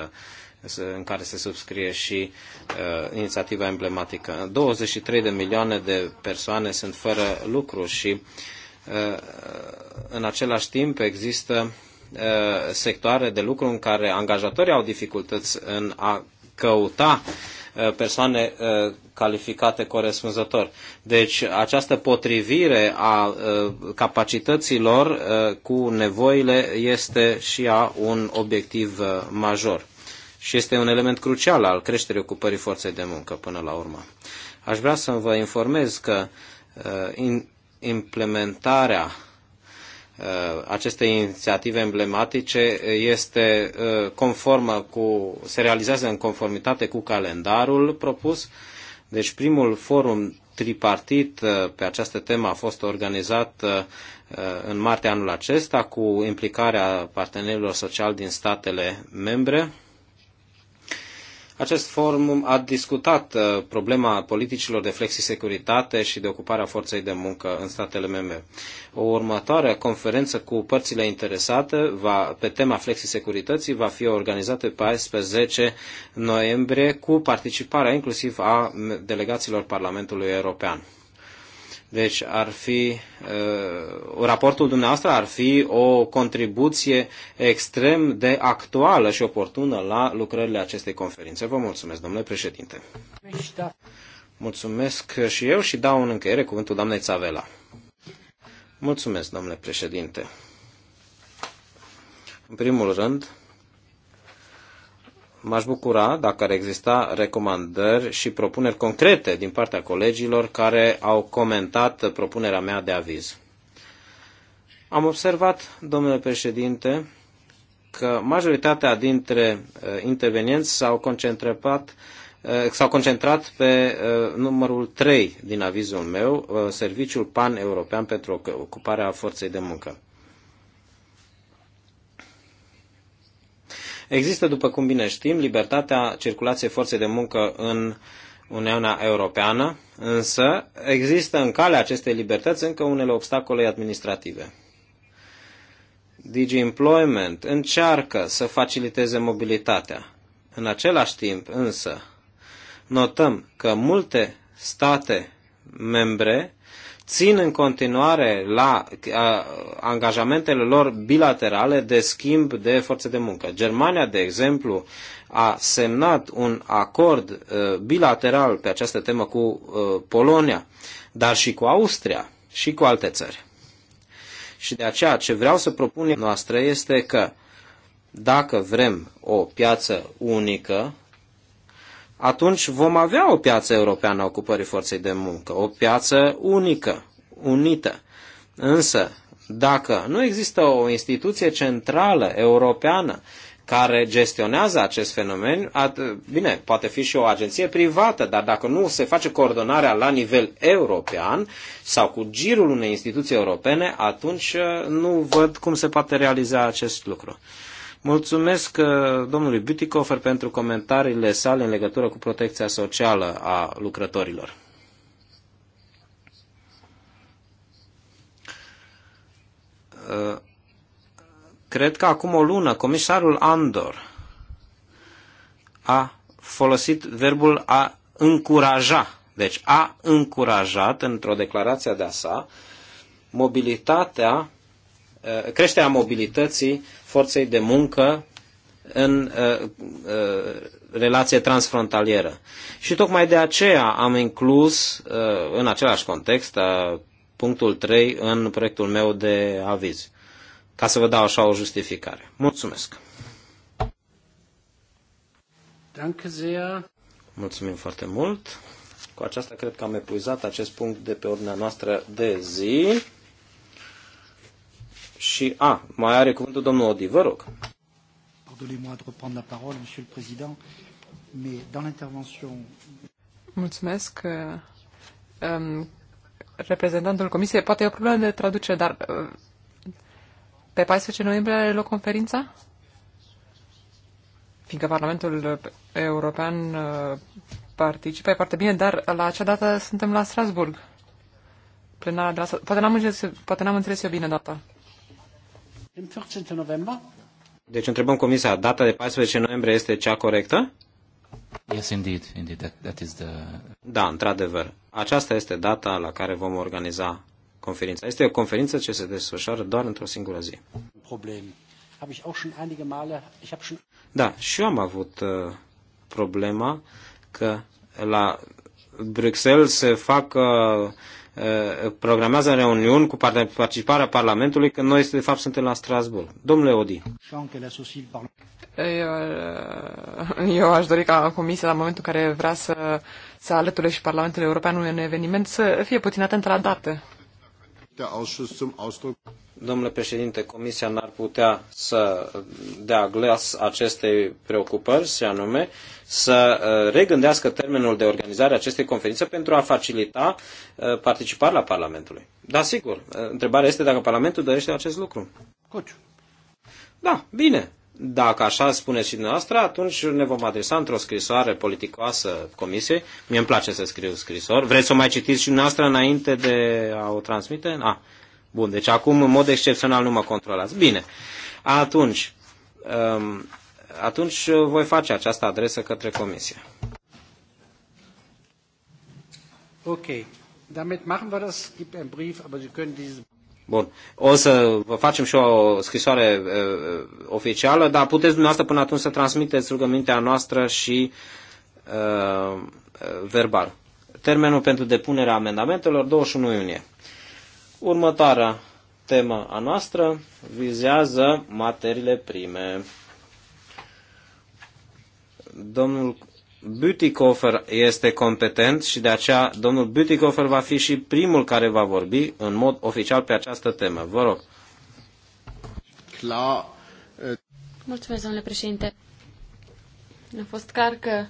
S1: în care se subscrie și uh, inițiativa emblematică. 23 de milioane de persoane sunt fără lucru și uh, în același timp există sectoare de lucru în care angajatorii au dificultăți în a căuta uh, persoane uh, calificate corespunzător. Deci această potrivire a uh, capacităților cu nevoile este și a un obiectiv major și este un element crucial al creșterii ocupării forței de muncă până la urmă. Aș vrea să vă informez că implementarea Uh, aceste inițiative emblematice uh, este uh, conformă cu, se realizează în conformitate cu calendarul propus. Deci primul forum tripartit pe această temă a fost organizat în martie anul acesta cu implicarea partenerilor sociali din statele membre acest forum a discutat uh, problema politicilor de flexisecuritate și de ocuparea forței de muncă în statele membre. O următoare conferință cu părțile interesate va, pe tema flexisecurității va fi organizată pe 14 noiembrie cu participarea inclusiv a delegaților Parlamentului European. Deci ar fi, uh, raportul dumneavoastră ar fi o contribuție extrem de actuală și oportună la lucrările acestei conferințe. Vă mulțumesc, domnule președinte. Mulțumesc și eu și dau în încheiere cuvântul doamnei Țavela. Mulțumesc, domnule președinte. În primul rând, m-aș bucura dacă ar exista recomandări și propuneri concrete din partea colegilor care au comentat propunerea mea de aviz. Am observat, domnule președinte, că majoritatea dintre uh, intervenienți s-au concentrat, uh, s-au concentrat pe uh, numărul 3 din avizul meu, Serviciul Pan-European pentru Ocuparea Forței de Muncă. Există, după cum bine știm, libertatea circulației forței de muncă în Uniunea Europeană, însă există în calea acestei libertăți încă unele obstacole administrative. Digi Employment încearcă să faciliteze mobilitatea. În același timp, însă, notăm că multe state membre țin în continuare la a, angajamentele lor bilaterale de schimb de forțe de muncă. Germania, de exemplu, a semnat un acord bilateral pe această temă cu Polonia, dar și cu Austria și cu alte țări. Și de aceea ce vreau să propun noastră este că dacă vrem o piață unică atunci vom avea o piață europeană a ocupării forței de muncă, o piață unică, unită. Însă, dacă nu există o instituție centrală europeană care gestionează acest fenomen, at, bine, poate fi și o agenție privată, dar dacă nu se face coordonarea la nivel european sau cu girul unei instituții europene, atunci uh, nu văd cum se poate realiza acest lucru. Mulțumesc uh, domnului Butikofer pentru comentariile sale în legătură cu protecția socială a lucrătorilor. Uh, cred că acum o lună comisarul Andor a folosit verbul a încuraja. Deci a încurajat într-o declarație de-a sa mobilitatea, uh, creșterea mobilității forței de muncă în uh, uh, relație transfrontalieră. Și tocmai de aceea am inclus uh, în același context uh, punctul 3 în proiectul meu de aviz, ca să vă dau așa o justificare. Mulțumesc! Mulțumim foarte mult! Cu aceasta cred că am epuizat acest punct de pe ordinea noastră de zi și A. Mai are cuvântul domnul Odi, vă rog.
S2: Pardonnez-moi de reprendre la parole, monsieur le président, mais dans l'intervention...
S4: Mulțumesc. Uh, um, reprezentantul Comisiei, poate e o problemă de traducere, dar uh, pe 14 noiembrie are loc conferința? Fiindcă Parlamentul European uh, participă, e foarte bine, dar la acea dată suntem la Strasburg. Plenara de la, poate, n-am înțeles, poate n-am înțeles eu bine data.
S1: Deci întrebăm Comisia, data de 14 noiembrie este cea corectă? Yes, indeed, indeed, that, that is the... Da, într-adevăr. Aceasta este data la care vom organiza conferința. Este o conferință ce se desfășoară doar într-o singură zi. Da, și eu am avut uh, problema că la Bruxelles se fac uh, Uh, programează reuniuni cu participarea Parlamentului când noi, de fapt, suntem la Strasbourg. Domnule Odi.
S4: Eu, uh, aș dori ca Comisia, la momentul în care vrea să, să alăture și Parlamentul European un eveniment, să fie puțin atentă la date.
S1: Domnule președinte, Comisia n-ar putea să dea glas acestei preocupări, și anume să uh, regândească termenul de organizare a acestei conferințe pentru a facilita uh, participarea Parlamentului. Da, sigur. Uh, întrebarea este dacă Parlamentul dorește acest lucru. Cociu. Da, bine. Dacă așa spuneți și dumneavoastră, atunci ne vom adresa într-o scrisoare politicoasă comisiei. Mie îmi place să scriu scrisori. Vreți să o mai citiți și dumneavoastră înainte de a o transmite? A, bun, deci acum în mod excepțional nu mă controlați. Bine, atunci, um, atunci voi face această adresă către comisie.
S2: Ok. Damit machen wir das. gibt einen Brief, aber Sie können diesen
S1: Bun. O să vă facem și o scrisoare uh, uh, oficială, dar puteți dumneavoastră până atunci să transmiteți rugămintea noastră și uh, verbal. Termenul pentru depunerea amendamentelor 21 iunie. Următoarea temă a noastră vizează materiile prime. Domnul Butikofer este competent și de aceea domnul Butikofer va fi și primul care va vorbi în mod oficial pe această temă. Vă rog. Clar.
S3: Mulțumesc, domnule președinte. A fost clar că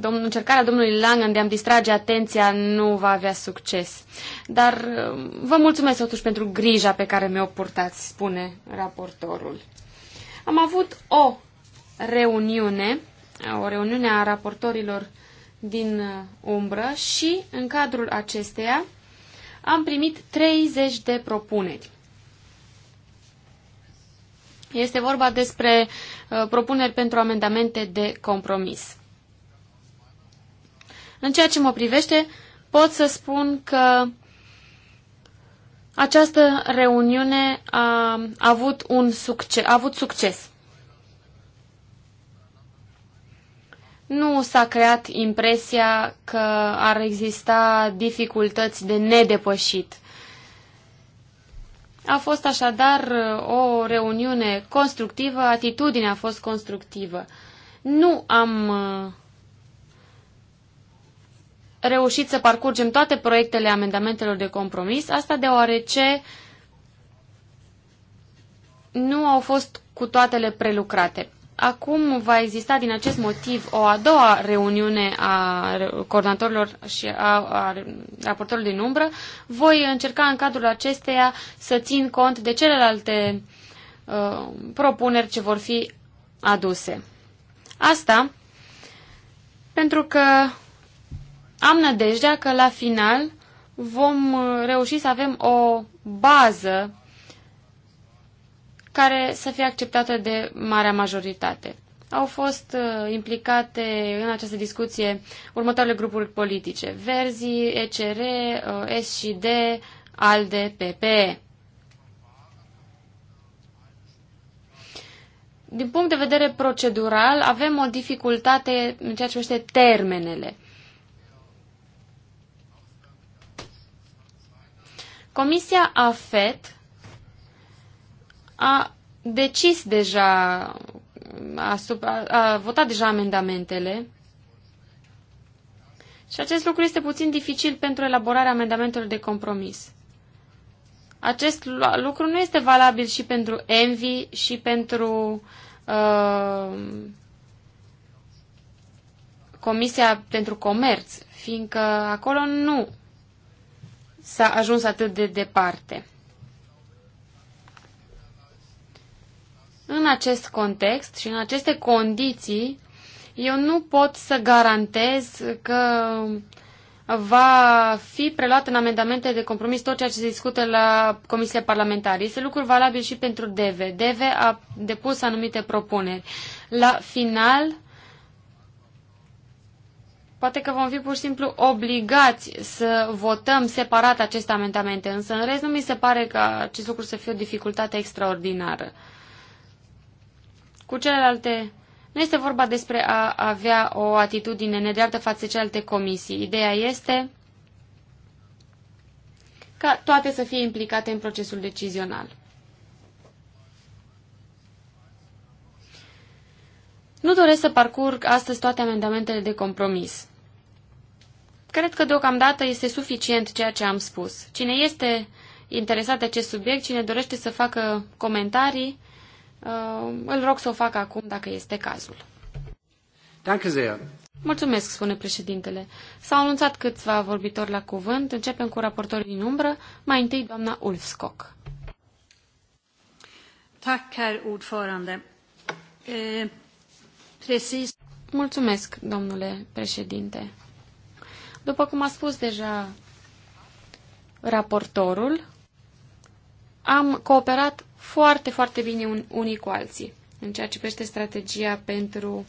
S3: domn, încercarea domnului Langen de a-mi distrage atenția nu va avea succes. Dar um, vă mulțumesc totuși pentru grija pe care mi-o purtați, spune raportorul. Am avut o reuniune o reuniune a raportorilor din uh, umbră și în cadrul acesteia am primit 30 de propuneri. Este vorba despre uh, propuneri pentru amendamente de compromis. În ceea ce mă privește, pot să spun că această reuniune a avut, un succes, a avut succes. nu s-a creat impresia că ar exista dificultăți de nedepășit. A fost așadar uh, o reuniune constructivă, atitudinea a fost constructivă. Nu am uh, reușit să parcurgem toate proiectele amendamentelor de compromis, asta deoarece nu au fost cu toatele prelucrate. Acum va exista din acest motiv o a doua reuniune a coordonatorilor și a, a raportorilor din umbră. Voi încerca în cadrul acesteia să țin cont de celelalte uh, propuneri ce vor fi aduse. Asta pentru că am nădejdea că la final vom uh, reuși să avem o bază care să fie acceptată de marea majoritate. Au fost uh, implicate în această discuție următoarele grupuri politice, Verzi, ECR, uh, SCD, ALDE, PPE. Din punct de vedere procedural, avem o dificultate în ceea ce privește termenele. Comisia AFET a decis deja, asupra, a votat deja amendamentele și acest lucru este puțin dificil pentru elaborarea amendamentelor de compromis. Acest lucru nu este valabil și pentru Envy și pentru uh, Comisia pentru Comerț, fiindcă acolo nu s-a ajuns atât de departe. În acest context și în aceste condiții, eu nu pot să garantez că va fi preluat în amendamente de compromis tot ceea ce se discută la Comisia parlamentară. Este lucru valabil și pentru DV. DV a depus anumite propuneri. La final, poate că vom fi pur și simplu obligați să votăm separat aceste amendamente, însă în rest nu mi se pare că acest lucru să fie o dificultate extraordinară cu celelalte nu este vorba despre a avea o atitudine nedreaptă față de celelalte comisii. Ideea este ca toate să fie implicate în procesul decizional. Nu doresc să parcurg astăzi toate amendamentele de compromis. Cred că deocamdată este suficient ceea ce am spus. Cine este interesat de acest subiect, cine dorește să facă comentarii, Uh, îl rog să o facă acum, dacă este cazul. Danke sehr. Mulțumesc, spune președintele. S-au anunțat câțiva vorbitori la cuvânt. Începem cu raportorii din umbră. Mai întâi, doamna Ulfskog.
S2: Tack, herr ordförande. Eh,
S3: precis... Mulțumesc, domnule președinte. După cum a spus deja raportorul, am cooperat foarte, foarte bine unii cu alții în ceea ce privește strategia pentru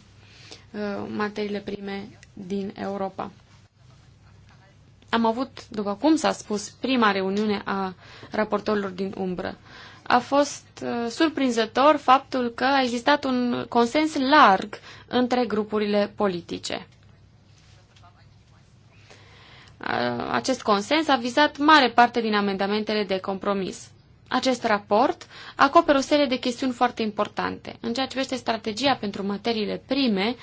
S3: uh, materiile prime din Europa. Am avut, după cum s-a spus, prima reuniune a raportorilor din umbră. A fost uh, surprinzător faptul că a existat un consens larg între grupurile politice. Uh, acest consens a vizat mare parte din amendamentele de compromis acest raport acoperă o serie de chestiuni foarte importante. În ceea ce privește strategia pentru materiile prime,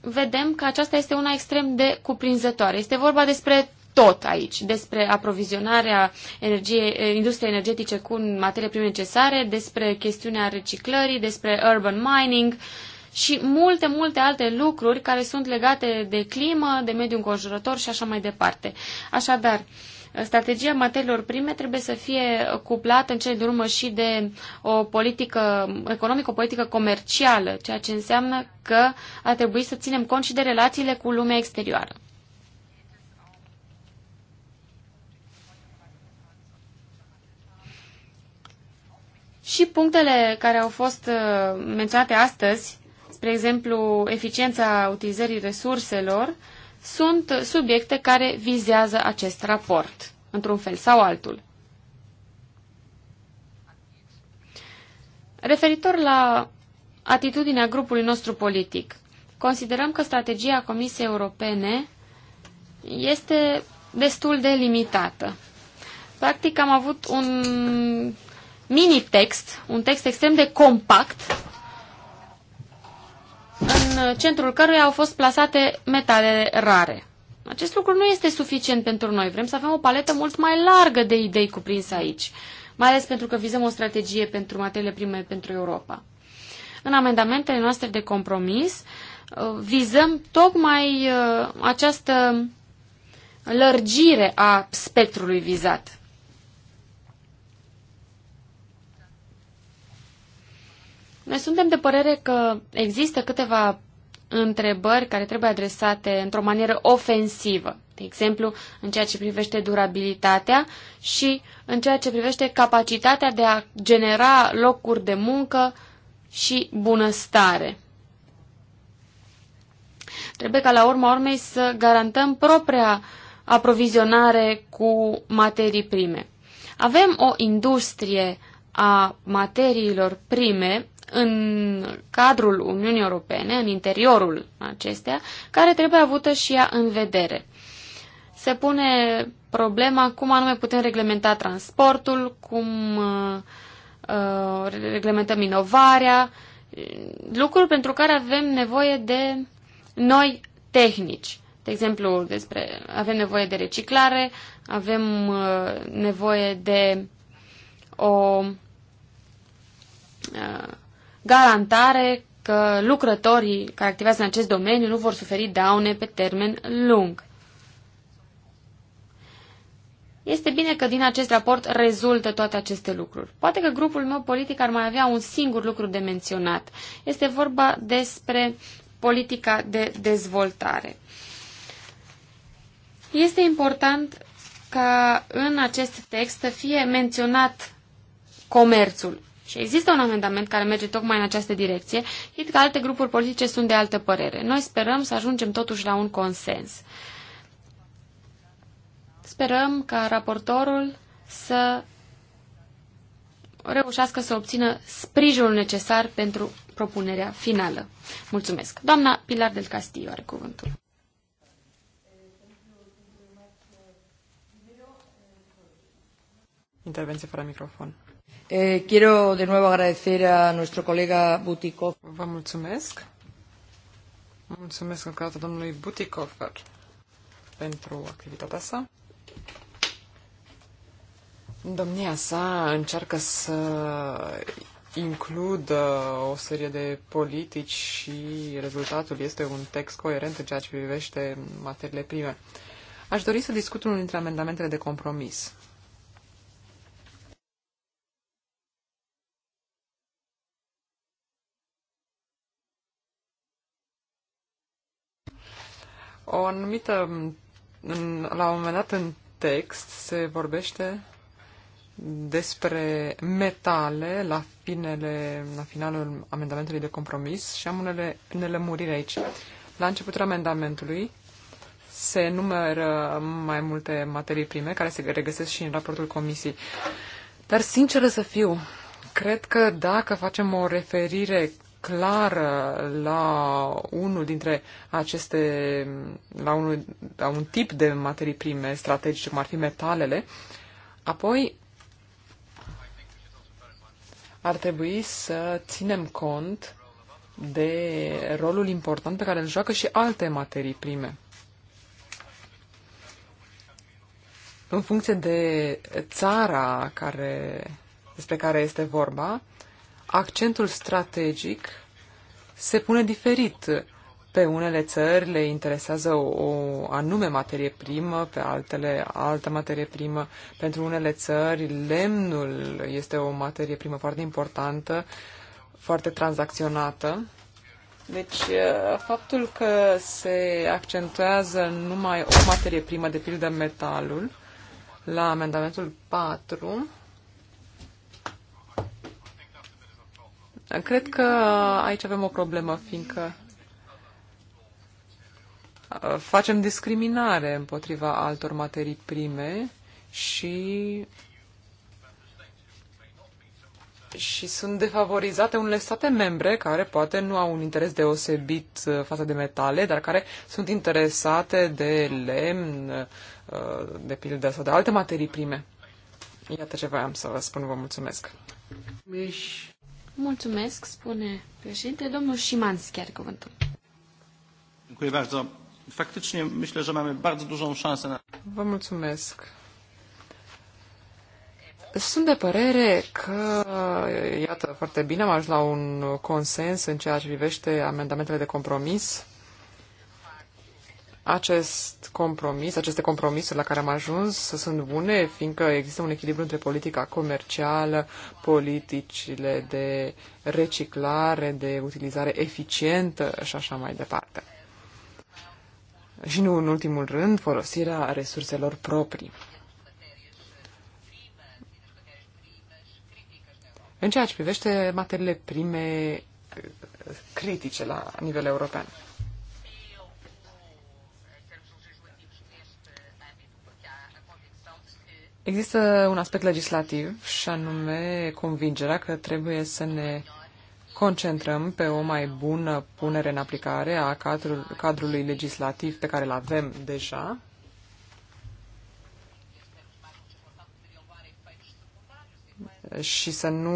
S3: vedem că aceasta este una extrem de cuprinzătoare. Este vorba despre tot aici, despre aprovizionarea energie, industriei energetice cu materie prime necesare, despre chestiunea reciclării, despre urban mining și multe, multe alte lucruri care sunt legate de climă, de mediul înconjurător și așa mai departe. Așadar, uh, strategia materiilor prime trebuie să fie cuplată în cele din urmă și de o politică economică, o politică comercială, ceea ce înseamnă că ar trebui să ținem cont și de relațiile cu lumea exterioară. Și punctele care au fost uh, menționate astăzi, spre exemplu eficiența utilizării resurselor, sunt subiecte care vizează acest raport, într-un fel sau altul. Referitor la atitudinea grupului nostru politic, considerăm că strategia Comisiei Europene este destul de limitată. Practic am avut un mini text, un text extrem de compact în centrul căruia au fost plasate metale rare. Acest lucru nu este suficient pentru noi. Vrem să avem o paletă mult mai largă de idei cuprinse aici, mai ales pentru că vizăm o strategie pentru materiile prime pentru Europa. În amendamentele noastre de compromis uh, vizăm tocmai uh, această lărgire a spectrului vizat. Noi suntem de părere că există câteva întrebări care trebuie adresate într-o manieră ofensivă, de exemplu, în ceea ce privește durabilitatea și în ceea ce privește capacitatea de a genera locuri de muncă și bunăstare. Trebuie ca la urma urmei să garantăm propria aprovizionare cu materii prime. Avem o industrie a materiilor prime în cadrul Uniunii Europene, în interiorul acestea, care trebuie avută și ea în vedere. Se pune problema cum anume putem reglementa transportul, cum uh, reglementăm inovarea, lucruri pentru care avem nevoie de noi tehnici. De exemplu, despre, avem nevoie de reciclare, avem uh, nevoie de o uh, garantare că lucrătorii care activează în acest domeniu nu vor suferi daune pe termen lung. Este bine că din acest raport rezultă toate aceste lucruri. Poate că grupul meu politic ar mai avea un singur lucru de menționat. Este vorba despre politica de dezvoltare. Este important ca în acest text să fie menționat comerțul și există un amendament care merge tocmai în această direcție, chit că alte grupuri politice sunt de altă părere. Noi sperăm să ajungem totuși la un consens. Sperăm ca raportorul să reușească să obțină sprijinul necesar pentru propunerea finală. Mulțumesc. Doamna Pilar del Castillo are cuvântul.
S4: Intervenție fără microfon. Eh, quiero de nuevo agradecer a nuestro colega Butikov. Vă mulțumesc. Mulțumesc încă o dată domnului Butikov pentru activitatea sa. Domnia sa încearcă să includă o serie de politici și rezultatul este un text coerent în ceea ce privește materiile prime. Aș dori să discut unul dintre amendamentele de compromis. o anumită, în, la un moment dat în text se vorbește despre metale la, finele, la finalul amendamentului de compromis și am unele nelămuriri aici. La începutul amendamentului se numără mai multe materii prime care se regăsesc și în raportul comisiei. Dar, sinceră să fiu, cred că dacă facem o referire clară la unul dintre aceste, la, unul, la un tip de materii prime strategice, cum ar fi metalele, apoi ar trebui să ținem cont de rolul important pe care îl joacă și alte materii prime. În funcție de țara care, despre care este vorba, accentul strategic se pune diferit. Pe unele țări le interesează o, o anume materie primă, pe altele altă materie primă. Pentru unele țări lemnul este o materie primă foarte importantă, foarte tranzacționată. Deci, faptul că se accentuează numai o materie primă, de pildă metalul, la amendamentul 4, Cred că aici avem o problemă, fiindcă facem discriminare împotriva altor materii prime și și sunt defavorizate unele state membre care poate nu au un interes deosebit uh, față de metale, dar care sunt interesate de lemn, uh, de pildă sau de alte materii prime. Iată ce voiam să vă spun, vă mulțumesc.
S3: Mulțumesc, spune președinte. Domnul Șimanski are cuvântul.
S1: Dziękuję bardzo. Faktycznie myślę, że mamy bardzo dużą
S4: szansę na... Vă mulțumesc. Sunt de părere că, iată, foarte bine am ajuns la un consens în ceea ce privește amendamentele de compromis acest compromis, aceste compromisuri la care am ajuns sunt bune, fiindcă există un echilibru între politica comercială, politicile de reciclare, de utilizare eficientă și așa mai departe. Și nu în ultimul rând, folosirea resurselor proprii. În ceea ce privește materiile prime critice la nivel european. Există un aspect legislativ și anume convingerea că trebuie să ne concentrăm pe o mai bună punere în aplicare a cadrul, cadrului legislativ pe care îl avem deja. și să nu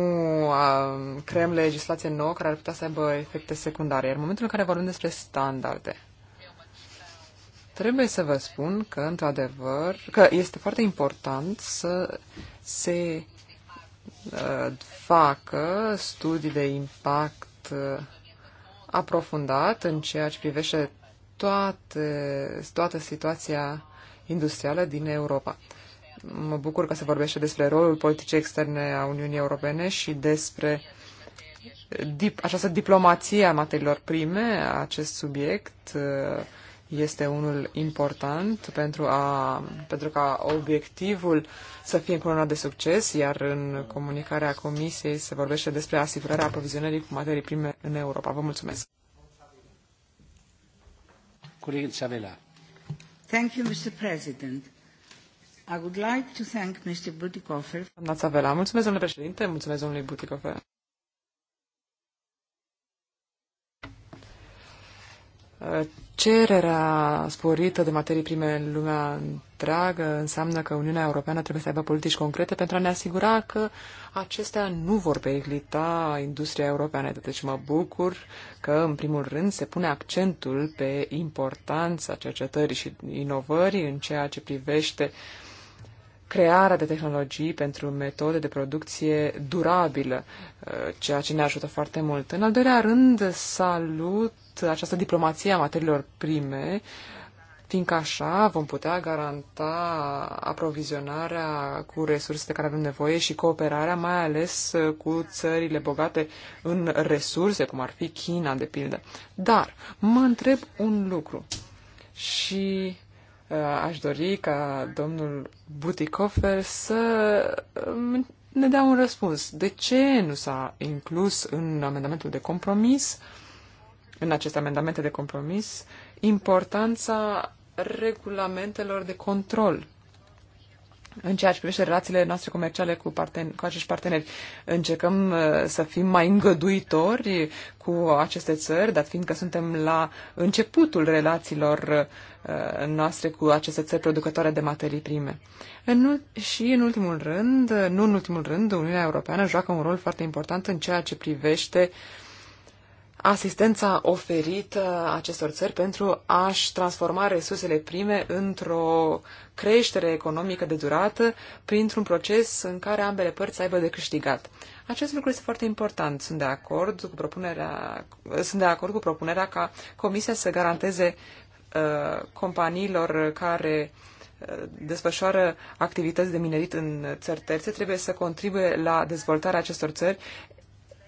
S4: creăm legislație nouă care ar putea să aibă efecte secundare. Iar în momentul în care vorbim despre standarde, Trebuie să vă spun că, într-adevăr, că este foarte important să se uh, facă studii de impact uh, aprofundat în ceea ce privește toate, toată situația industrială din Europa. Mă bucur că se vorbește despre rolul politicii externe a Uniunii Europene și despre dip, această diplomație a materiilor prime, acest subiect uh, este unul important pentru, a, pentru ca obiectivul să fie încoronat de succes, iar în comunicarea Comisiei se vorbește despre asigurarea aprovizionării cu materii prime în Europa. Vă mulțumesc.
S2: Colegul Savela.
S4: Thank you, Mr. President. I would like to thank Mr. Butikofer. Savela, mulțumesc, domnule președinte, mulțumesc, domnului Butikofer. Cererea sporită de materii prime în lumea întreagă înseamnă că Uniunea Europeană trebuie să aibă politici concrete pentru a ne asigura că acestea nu vor periclita industria europeană. Deci mă bucur că, în primul rând, se pune accentul pe importanța cercetării și inovării în ceea ce privește uh, crearea de tehnologii pentru metode de producție durabilă, uh, ceea ce ne ajută foarte mult. În al doilea rând, salut această diplomație a materiilor prime, fiindcă așa vom putea garanta aprovizionarea cu resursele care avem nevoie și cooperarea, mai ales cu țările bogate în resurse, cum ar fi China, de pildă. Dar mă întreb un lucru și Uh, aș dori ca domnul Buticofer să um, ne dea un răspuns. De ce nu s-a inclus în amendamentul de compromis, în aceste amendamente de compromis, importanța regulamentelor de control în ceea ce privește relațiile noastre comerciale cu, parten- cu acești parteneri. Încercăm uh, să fim mai îngăduitori cu aceste țări, dat fiindcă suntem la începutul relațiilor uh, noastre cu aceste țări producătoare de materii prime. În, și în ultimul rând, nu în ultimul rând, Uniunea Europeană joacă un rol foarte important în ceea ce privește uh, asistența oferită acestor țări pentru a-și transforma resursele prime într-o creștere economică de durată printr-un proces în care ambele părți aibă de câștigat. Acest lucru este foarte important. Sunt de acord cu propunerea, sunt de acord cu propunerea ca Comisia să garanteze uh, companiilor care uh, desfășoară activități de minerit în țări terțe, trebuie să contribuie la dezvoltarea acestor țări,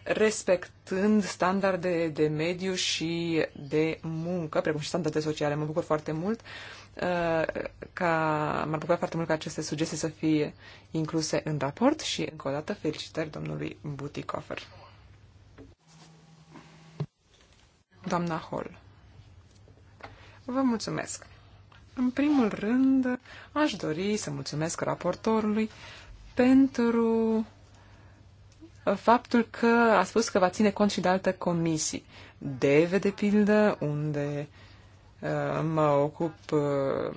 S4: respectând standarde de mediu și de muncă, precum și standarde sociale. Mă bucur foarte mult uh, ca m-ar bucura foarte mult ca aceste sugestii să fie incluse în raport și încă o dată felicitări domnului Butikofer. Doamna Hall, vă mulțumesc. În primul rând, aș dori să mulțumesc raportorului pentru faptul că a spus că va ține cont și de alte comisii. DEVE, de pildă, unde uh, mă ocup uh,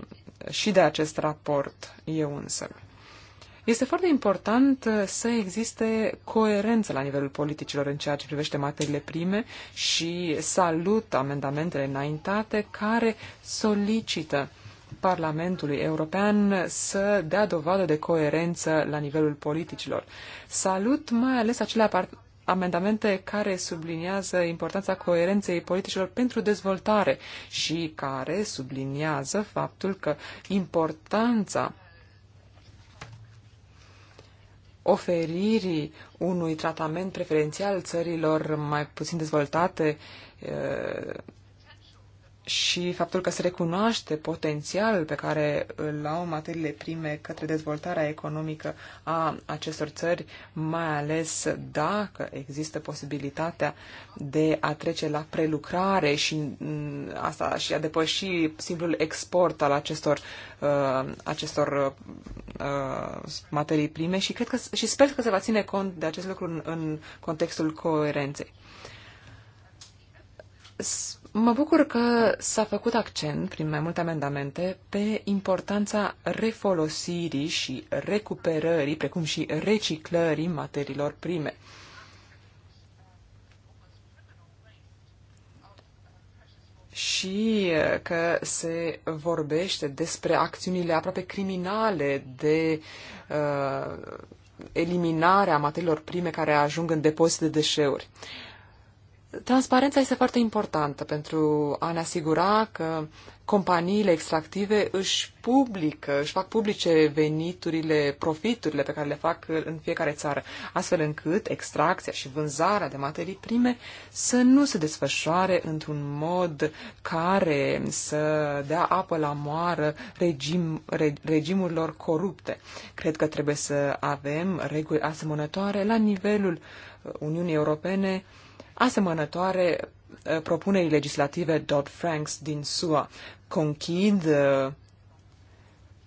S4: și de acest raport eu însă. Este foarte important uh, să existe coerență la nivelul politicilor în ceea ce privește materiile prime și salut amendamentele înaintate care solicită Parlamentului European să dea dovadă de coerență la nivelul politicilor. Salut mai ales acele amendamente care subliniază importanța coerenței politicilor pentru dezvoltare și care subliniază faptul că importanța oferirii unui tratament preferențial țărilor mai puțin dezvoltate eh, și faptul că se recunoaște potențial pe care îl au materiile prime către dezvoltarea economică a acestor țări, mai ales dacă există posibilitatea de a trece la prelucrare și, mm, asta, și a depăși simplul export al acestor, uh, acestor uh, materii prime și, cred că, și sper că se va ține cont de acest lucru în, în contextul coerenței Mă bucur că s-a făcut accent, prin mai multe amendamente, pe importanța refolosirii și recuperării, precum și reciclării materiilor prime. și că se vorbește despre acțiunile aproape criminale de uh, eliminarea materiilor prime care ajung în depozite de deșeuri. Uh, Transparența este foarte importantă pentru a ne asigura că companiile extractive își publică, își fac publice veniturile, profiturile pe care le fac în fiecare țară, astfel încât extracția și vânzarea de materii prime să nu se desfășoare într-un mod care să dea apă la moară regim, re, regimurilor corupte. Cred că trebuie să avem reguli asemănătoare la nivelul Uniunii Europene asemănătoare uh, propunerii legislative Dodd-Franks din SUA. Conchid uh,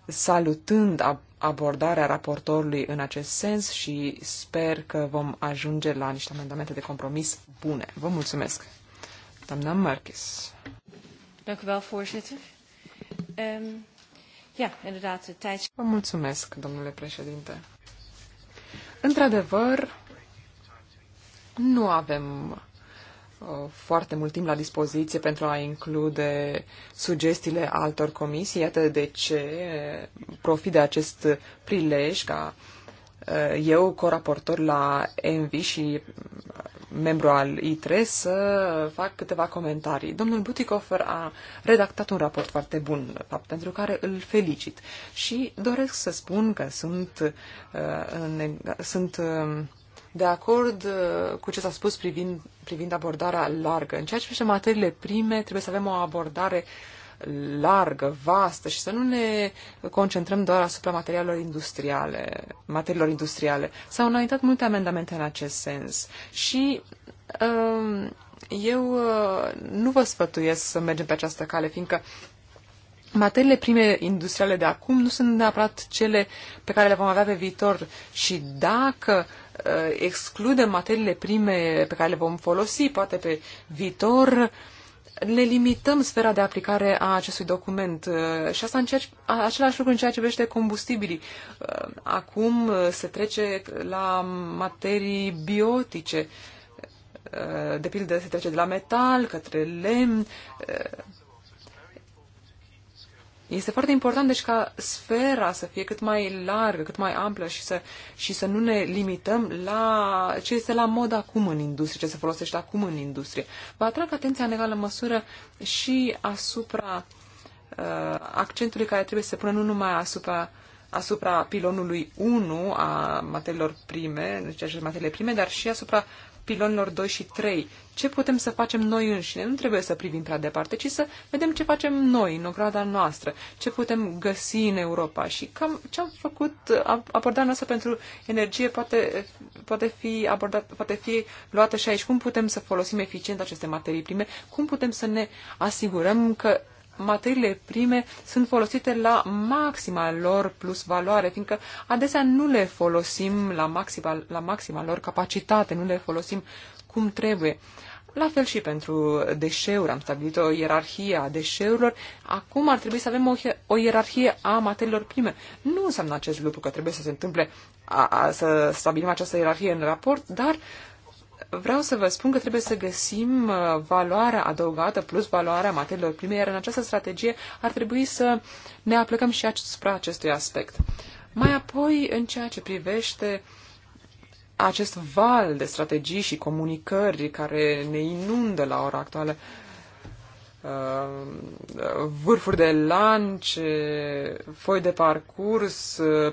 S4: salutând abordarea raportorului în acest sens și sper că vom ajunge la niște amendamente de compromis bune. Vă mulțumesc. Doamna Marques. Ehm, Vă mulțumesc, domnule președinte. Într-adevăr, nu avem uh, foarte mult timp la dispoziție pentru a include sugestiile altor comisii. Iată de ce uh, profit de acest prilej ca uh, eu, coraportor la ENVI și membru al I3, să fac câteva comentarii. Domnul Butikofer a redactat un raport foarte bun, fapt pentru care îl felicit. Și doresc să spun că sunt, uh, sunt uh, de acord uh, cu ce s-a spus privind, privind abordarea largă. În ceea ce privește materiile prime, trebuie să avem o abordare largă, vastă și să nu ne concentrăm doar asupra materialelor industriale, materiilor industriale. S-au înaintat multe amendamente în acest sens și um, eu uh, nu vă sfătuiesc să mergem pe această cale, fiindcă materiile prime industriale de acum nu sunt neapărat cele pe care le vom avea pe viitor și dacă uh, Uh, excludem materiile prime pe care le vom folosi, poate pe viitor, ne limităm sfera de aplicare a acestui document uh, și asta în ceea același lucru în ceea ce privește combustibilii. Uh, acum se trece la materii biotice, de pildă se trece de la metal către lemn, este foarte important, deci, ca sfera să fie cât mai largă, cât mai amplă și să, și să nu ne limităm la ce este la mod acum în industrie, ce se folosește acum în industrie. Vă atrag atenția în egală măsură și asupra uh, accentului care trebuie să se pună nu numai asupra asupra pilonului 1 a materiilor prime, deci materiile prime, dar și asupra pilonilor 2 și 3. Ce putem să facem noi înșine? Nu trebuie să privim prea departe, ci să vedem ce facem noi în ograda noastră, ce putem găsi în Europa și cam ce am făcut, abordarea noastră pentru energie poate, poate, fi abordat, poate fi luată și aici. Cum putem să folosim eficient aceste materii prime? Cum putem să ne asigurăm că materiile prime sunt folosite la maxima lor plus valoare, fiindcă adesea nu le folosim la maxima, la maxima lor capacitate, nu le folosim cum trebuie. La fel și pentru deșeuri, am stabilit o ierarhie a deșeurilor. Acum ar trebui să avem o, o ierarhie a materiilor prime. Nu înseamnă acest lucru că trebuie să se întâmple a, a, să stabilim această ierarhie în raport, dar uh, vreau să vă spun că trebuie să găsim uh, valoarea adăugată plus valoarea materiilor prime, iar în această strategie ar trebui să ne aplicăm și asupra acestui aspect. Mai apoi, în ceea ce privește acest val de strategii și comunicări care ne inundă la ora actuală, uh, vârfuri de lanț, foi de parcurs, uh,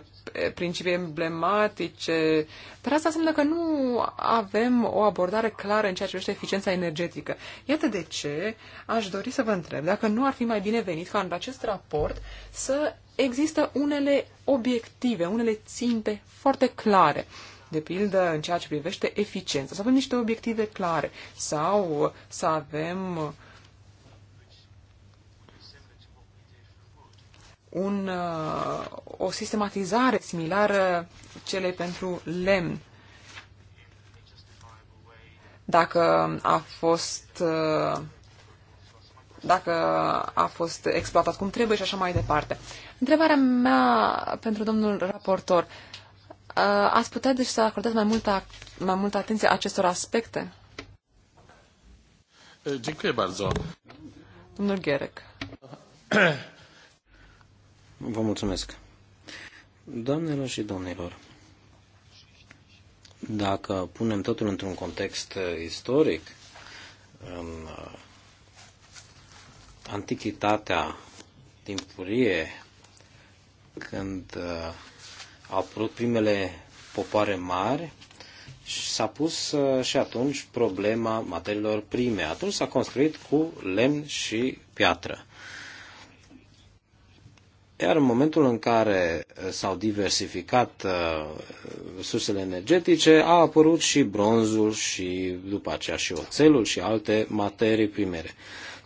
S4: principii emblematice, dar asta înseamnă că nu avem o abordare clară în ceea ce privește eficiența energetică. Iată de ce aș dori să vă întreb dacă nu ar fi mai bine venit ca în acest raport să există unele obiective, unele ținte foarte clare de pildă în ceea ce privește eficiența, să avem niște obiective clare sau să avem un, uh, o sistematizare similară cele pentru lemn. Dacă a fost uh, dacă a fost exploatat cum trebuie și așa mai departe. Întrebarea mea pentru domnul raportor, uh, ați putea deci să acordați mai multă, mai multă atenție acestor aspecte?
S1: Dziękuję bardzo.
S4: Domnul Gierek.
S1: Vă mulțumesc. Doamnelor și domnilor, dacă punem totul într-un context uh, istoric, în uh, antichitatea timpurie, când uh, au apărut primele popoare mari, s-a pus și atunci problema materiilor prime. Atunci s-a construit cu lemn și piatră. Iar în momentul în care uh, s-au diversificat uh, sursele energetice, a apărut și bronzul și după aceea și oțelul și alte materii primere,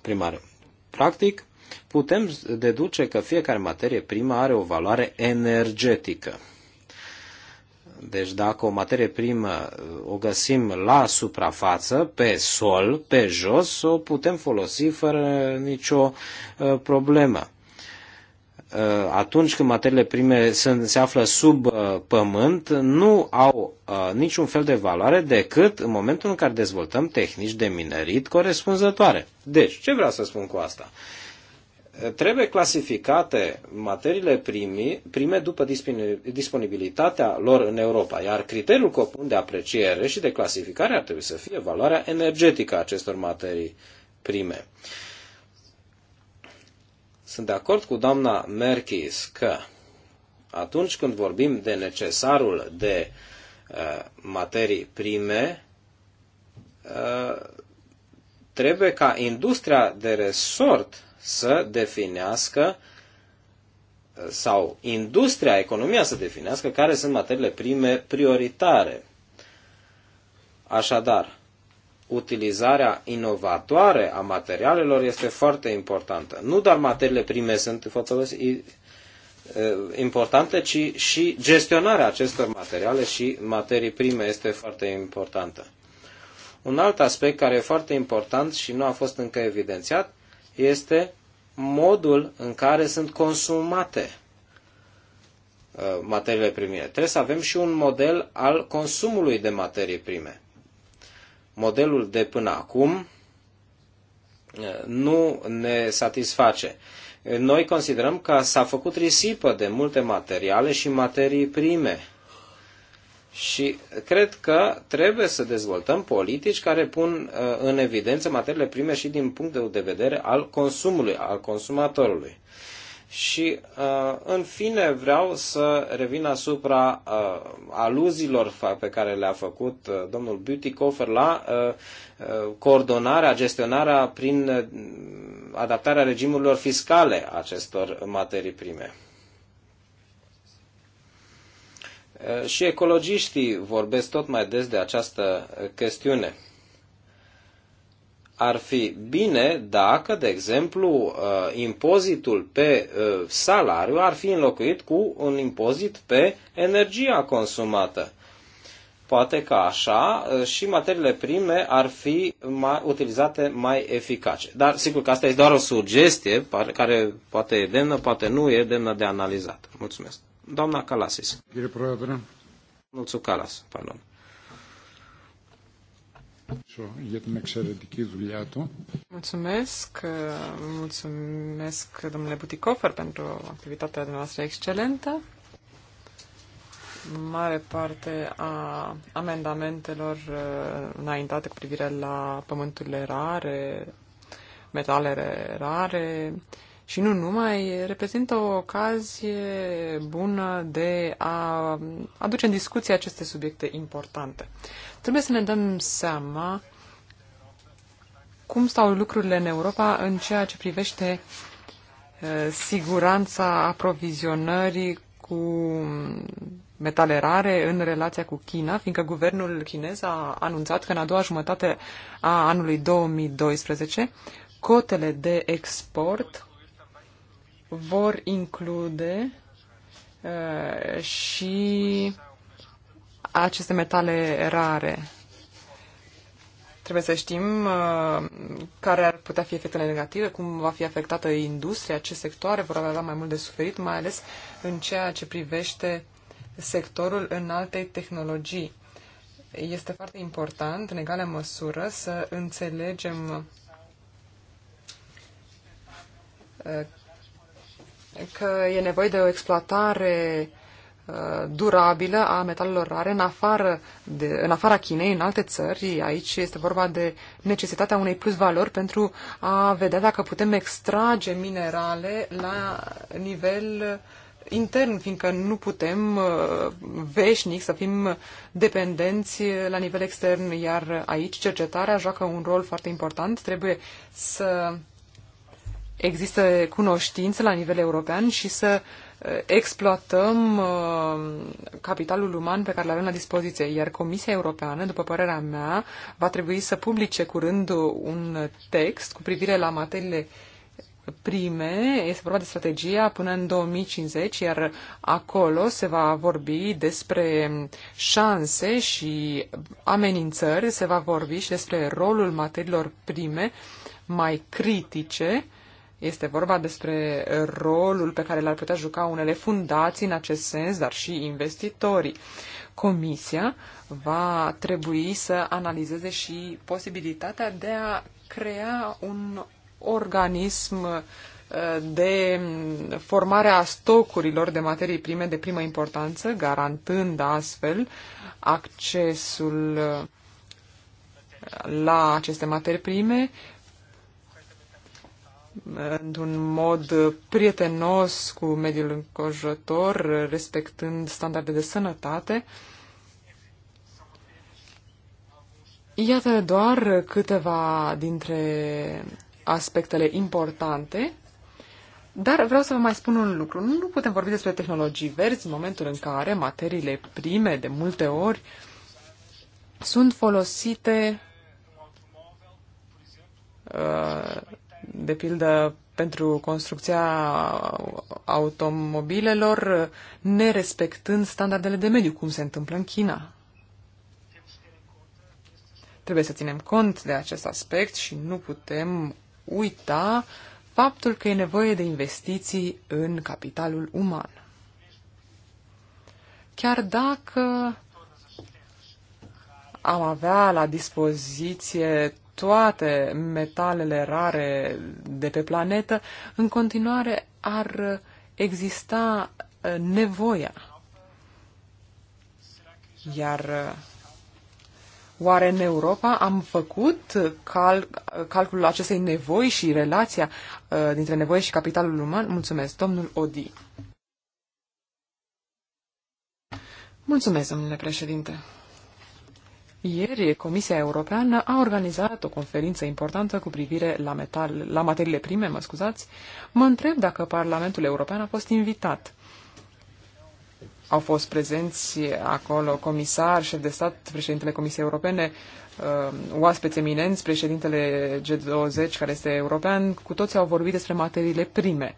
S1: primare. Practic, putem deduce că fiecare materie primă are o valoare energetică. Deci dacă o materie primă uh, o găsim la suprafață, pe sol, pe jos, o putem folosi fără nicio problemă. Uh, atunci când materiile prime sunt, se află sub uh, pământ, nu au uh, niciun fel de valoare decât în momentul în care dezvoltăm tehnici de minerit corespunzătoare. Deci, ce vreau să spun cu asta? Trebuie clasificate materiile primi, prime după disponibilitatea lor în Europa, iar criteriul comun de apreciere și de clasificare ar trebui să fie valoarea energetică a acestor materii prime. Uh, sunt de acord cu doamna Merkis că atunci când vorbim de necesarul de uh, materii prime, uh, trebuie ca industria de resort să definească uh, sau industria, economia să definească care sunt materiile prime prioritare. Așadar, utilizarea inovatoare a materialelor este foarte importantă. Nu doar materiile prime sunt importante, ci și gestionarea acestor materiale și materii prime este foarte importantă. Un alt aspect care e foarte important și nu a fost încă evidențiat este modul în care sunt consumate materiile prime. Trebuie să avem și un model al consumului de materii prime modelul de până acum uh, nu ne satisface. Noi considerăm că s-a făcut risipă de multe materiale și materii prime. Și cred că trebuie să dezvoltăm politici care pun uh, în evidență materiile prime și din punct de vedere al consumului, al consumatorului. Și, uh, în fine, vreau să revin asupra uh, aluziilor pe care le-a făcut uh, domnul Butikofer la coordonarea, gestionarea prin adaptarea regimurilor fiscale acestor materii prime. Și ecologiștii vorbesc tot mai des de această chestiune ar fi bine dacă, de exemplu, uh, impozitul pe uh, salariu ar fi înlocuit cu un impozit pe energia consumată. Poate că așa uh, și materiile prime ar fi mai, utilizate mai eficace. Dar sigur că asta e doar o sugestie care poate e demnă, poate nu e demnă de analizat. Mulțumesc. Doamna Calasis. Mulțumesc, Calas, pardon.
S4: Mulțumesc, uh, mulțumesc domnule Buticofer pentru activitatea noastră excelentă. Mare parte a amendamentelor uh, înaintate cu privire la pământurile rare, metalele rare, și nu numai, reprezintă o ocazie bună de a aduce în discuție aceste subiecte importante. Trebuie să ne dăm seama cum stau lucrurile în Europa în ceea ce privește uh, siguranța aprovizionării cu metale rare în relația cu China, fiindcă guvernul chinez a anunțat că în a doua jumătate a anului 2012 cotele de export vor include uh, și aceste metale rare. Trebuie să știm uh, care ar putea fi efectele negative, cum va fi afectată industria, ce sectoare vor avea mai mult de suferit, mai ales în ceea ce privește sectorul în alte tehnologii. Este foarte important, în egală măsură, să înțelegem uh, că e nevoie de o exploatare uh, durabilă a metalelor rare în, afară de, în afara Chinei, în alte țări. Aici este vorba de necesitatea unei plus valori pentru a vedea dacă putem extrage minerale la nivel intern, fiindcă nu putem uh, veșnic să fim dependenți la nivel extern, iar aici cercetarea joacă un rol foarte important. Trebuie să există cunoștință la nivel european și să eh, exploatăm eh, capitalul uman pe care îl avem la dispoziție. Iar Comisia Europeană, după părerea mea, va trebui să publice curând un text cu privire la materiile prime, este vorba de strategia până în 2050, iar acolo se va vorbi despre șanse și amenințări, se va vorbi și despre rolul materiilor prime mai critice este vorba despre rolul pe care l-ar putea juca unele fundații în acest sens, dar și investitorii. Comisia va trebui să analizeze și posibilitatea de a crea un organism uh, de formare a stocurilor de materii prime de primă importanță, garantând astfel accesul uh, la aceste materii prime într-un mod prietenos cu mediul înconjurător, respectând standarde de sănătate. Iată doar câteva dintre aspectele importante, dar vreau să vă mai spun un lucru. Nu putem vorbi despre tehnologii verzi în momentul în care materiile prime, de multe ori, sunt folosite uh, de pildă pentru construcția automobilelor, nerespectând standardele de mediu, cum se întâmplă în China. Trebuie să ținem cont de acest aspect și nu putem uita faptul că e nevoie de investiții în capitalul uman. Chiar dacă am avea la dispoziție toate metalele rare de pe planetă, în continuare ar exista uh, nevoia. Iar uh, oare în Europa am făcut cal- calculul acestei nevoi și relația uh, dintre nevoie și capitalul uman? Mulțumesc, domnul Odi. Mulțumesc, domnule președinte. Ieri, Comisia Europeană a organizat o conferință importantă cu privire la, metal, la materiile prime, mă scuzați. Mă întreb dacă Parlamentul European a fost invitat. Au fost prezenți acolo comisar, șef de stat, președintele Comisiei Europene, uh, oaspeți eminenți, președintele G20, care este european, cu toți au vorbit despre materiile prime.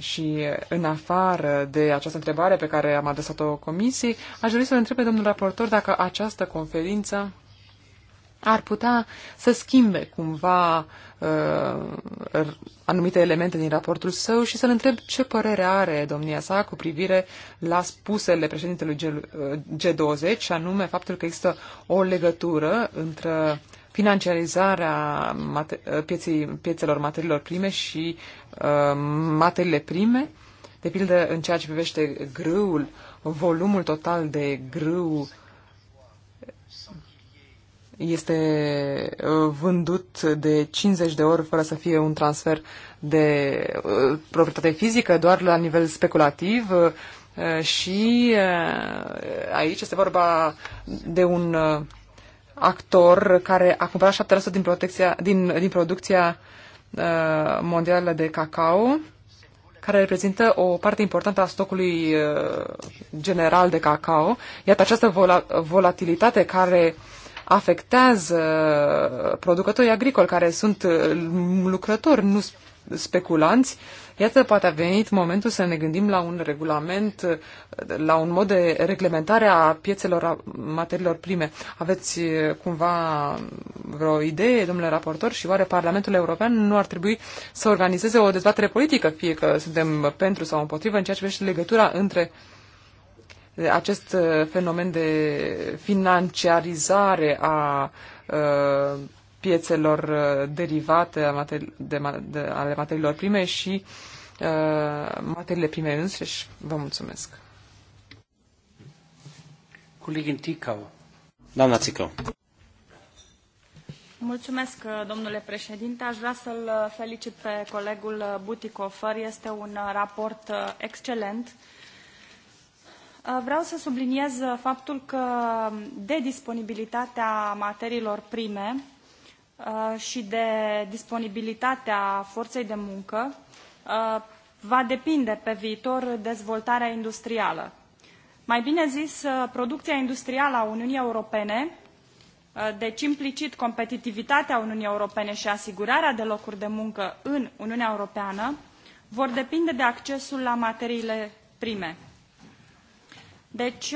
S4: Și în afară de această întrebare pe care am adresat-o comisiei, aș dori să-l întreb pe domnul raportor dacă această conferință ar putea să schimbe cumva uh, anumite elemente din raportul său și să-l întreb ce părere are domnia sa cu privire la spusele președintelui G20 uh, și anume faptul că există o legătură între financiarizarea mate- pieței, piețelor materiilor prime și uh, materiile prime, de pildă în ceea ce privește grâul, volumul total de grâu este uh, vândut de 50 de ori fără să fie un transfer de uh, proprietate fizică, doar la nivel speculativ uh, și aici este vorba de un actor care a cumpărat 7% din, protecția, din, din producția uh, mondială de cacao, care reprezintă o parte importantă a stocului uh, general de cacao. Iată această vola, volatilitate care afectează producătorii agricoli, care sunt uh, lucrători, nu speculanți, uh, Iată, poate a venit momentul să ne gândim la un regulament, la un mod de reglementare a piețelor a materiilor prime. Aveți cumva vreo idee, domnule raportor, și oare Parlamentul European nu ar trebui să organizeze o dezbatere politică, fie că suntem pentru sau împotrivă, în ceea ce privește legătura între acest fenomen de financiarizare a uh, piețelor uh, derivate ale materiilor prime și uh, materiile prime însăși. Vă mulțumesc.
S1: Colegin Ticau. Doamna Țicău.
S2: Mulțumesc, uh, domnule președinte. Aș vrea să-l felicit pe colegul Buticofer. Este un raport excelent. Vreau să subliniez faptul că um, de disponibilitatea materiilor prime Uh, și de disponibilitatea forței de muncă uh, va depinde pe viitor dezvoltarea industrială. Mai bine zis, uh, producția industrială a Uniunii Europene, deci implicit competitivitatea Uniunii Europene și asigurarea de locuri de muncă în Uniunea Europeană, vor depinde de accesul la materiile prime. Deci,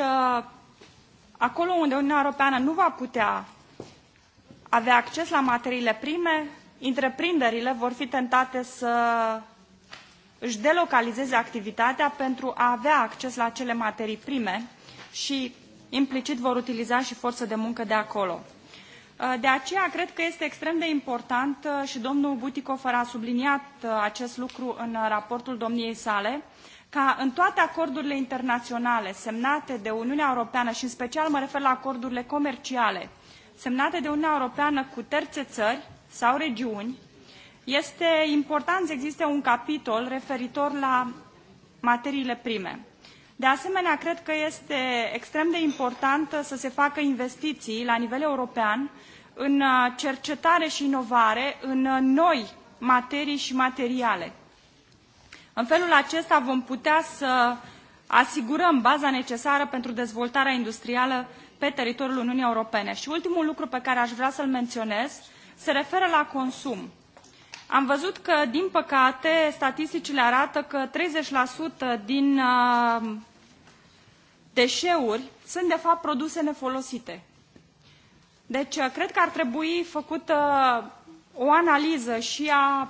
S2: acolo unde Uniunea Europeană nu va putea avea acces la materiile prime, întreprinderile vor fi tentate să își delocalizeze activitatea pentru a avea acces la acele materii prime și implicit vor utiliza și forță de muncă de acolo. Uh, de aceea cred că este extrem de important uh, și domnul Butikofer a subliniat uh, acest lucru în raportul domniei sale, ca în toate acordurile internaționale semnate de Uniunea Europeană și în special mă refer la acordurile comerciale semnate de Uniunea Europeană cu terțe țări sau regiuni, este important să existe un capitol referitor la materiile prime. De asemenea, cred că este extrem de important să se facă investiții la nivel european în uh, cercetare și inovare în uh, noi materii și materiale. În felul acesta vom putea să asigurăm baza necesară pentru dezvoltarea industrială pe teritoriul Uniunii Europene. Și ultimul lucru pe care aș vrea să-l menționez se referă la consum. Am văzut că, din păcate, statisticile arată că 30% din uh, deșeuri sunt, de fapt, produse nefolosite. Deci, uh, cred că ar trebui făcută uh, o analiză și a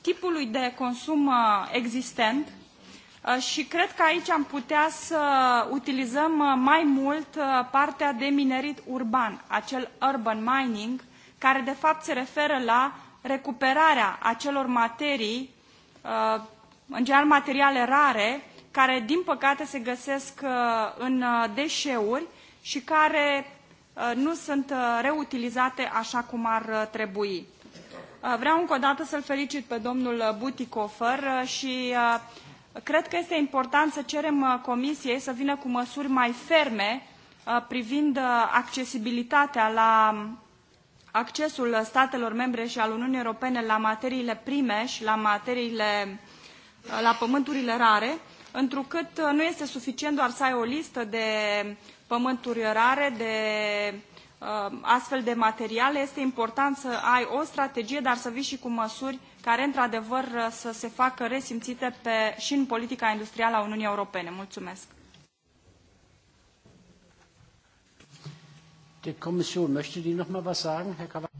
S2: tipului de consum existent Uh, și cred că aici am putea să utilizăm uh, mai mult uh, partea de minerit urban, acel urban mining, care de fapt se referă la recuperarea acelor materii, în general materiale rare, care din păcate se găsesc în deșeuri și care nu sunt reutilizate așa cum ar trebui. Vreau încă o dată să-l felicit pe domnul Butikofer și Cred că este important să cerem uh, Comisiei să vină cu măsuri mai ferme uh, privind uh, accesibilitatea la um, accesul statelor membre și al Uniunii Europene la materiile prime și la materiile la pământurile rare, întrucât nu este suficient doar să ai o listă de pământuri rare, de Uh, astfel de materiale, este important să ai o strategie, dar să vii și cu măsuri care, într-adevăr, uh, să se facă resimțite pe, și în politica industrială a Uniunii Europene. Mulțumesc!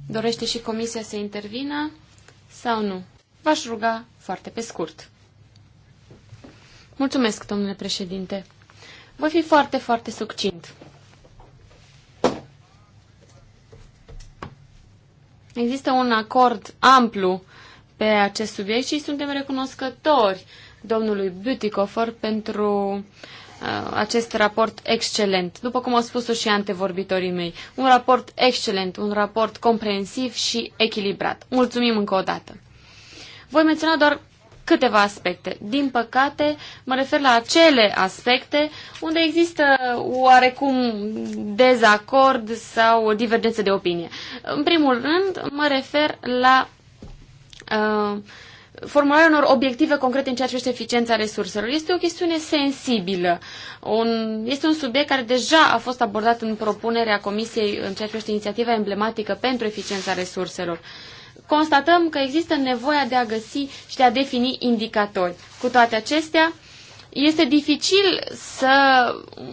S3: Dorește și Comisia să intervină sau nu? V-aș ruga foarte pe scurt. Mulțumesc, domnule președinte. Voi fi foarte, foarte succint. Există un acord amplu pe acest subiect și suntem recunoscători domnului Butikofer pentru uh, acest raport excelent, după cum au spus-o și antevorbitorii mei. Un raport excelent, un raport comprehensiv și echilibrat. Mulțumim încă o dată. Voi menționa doar câteva aspecte. Din păcate, mă refer la acele aspecte unde există oarecum dezacord sau divergențe de opinie. În primul rând, mă refer la uh, formularea unor obiective concrete în ceea ce privește eficiența resurselor. Este o chestiune sensibilă. Un, este un subiect care deja a fost abordat în propunerea Comisiei în ceea ce privește inițiativa emblematică pentru eficiența resurselor. Uh, constatăm că există nevoia de a găsi și de a defini indicatori. Cu toate acestea, este dificil să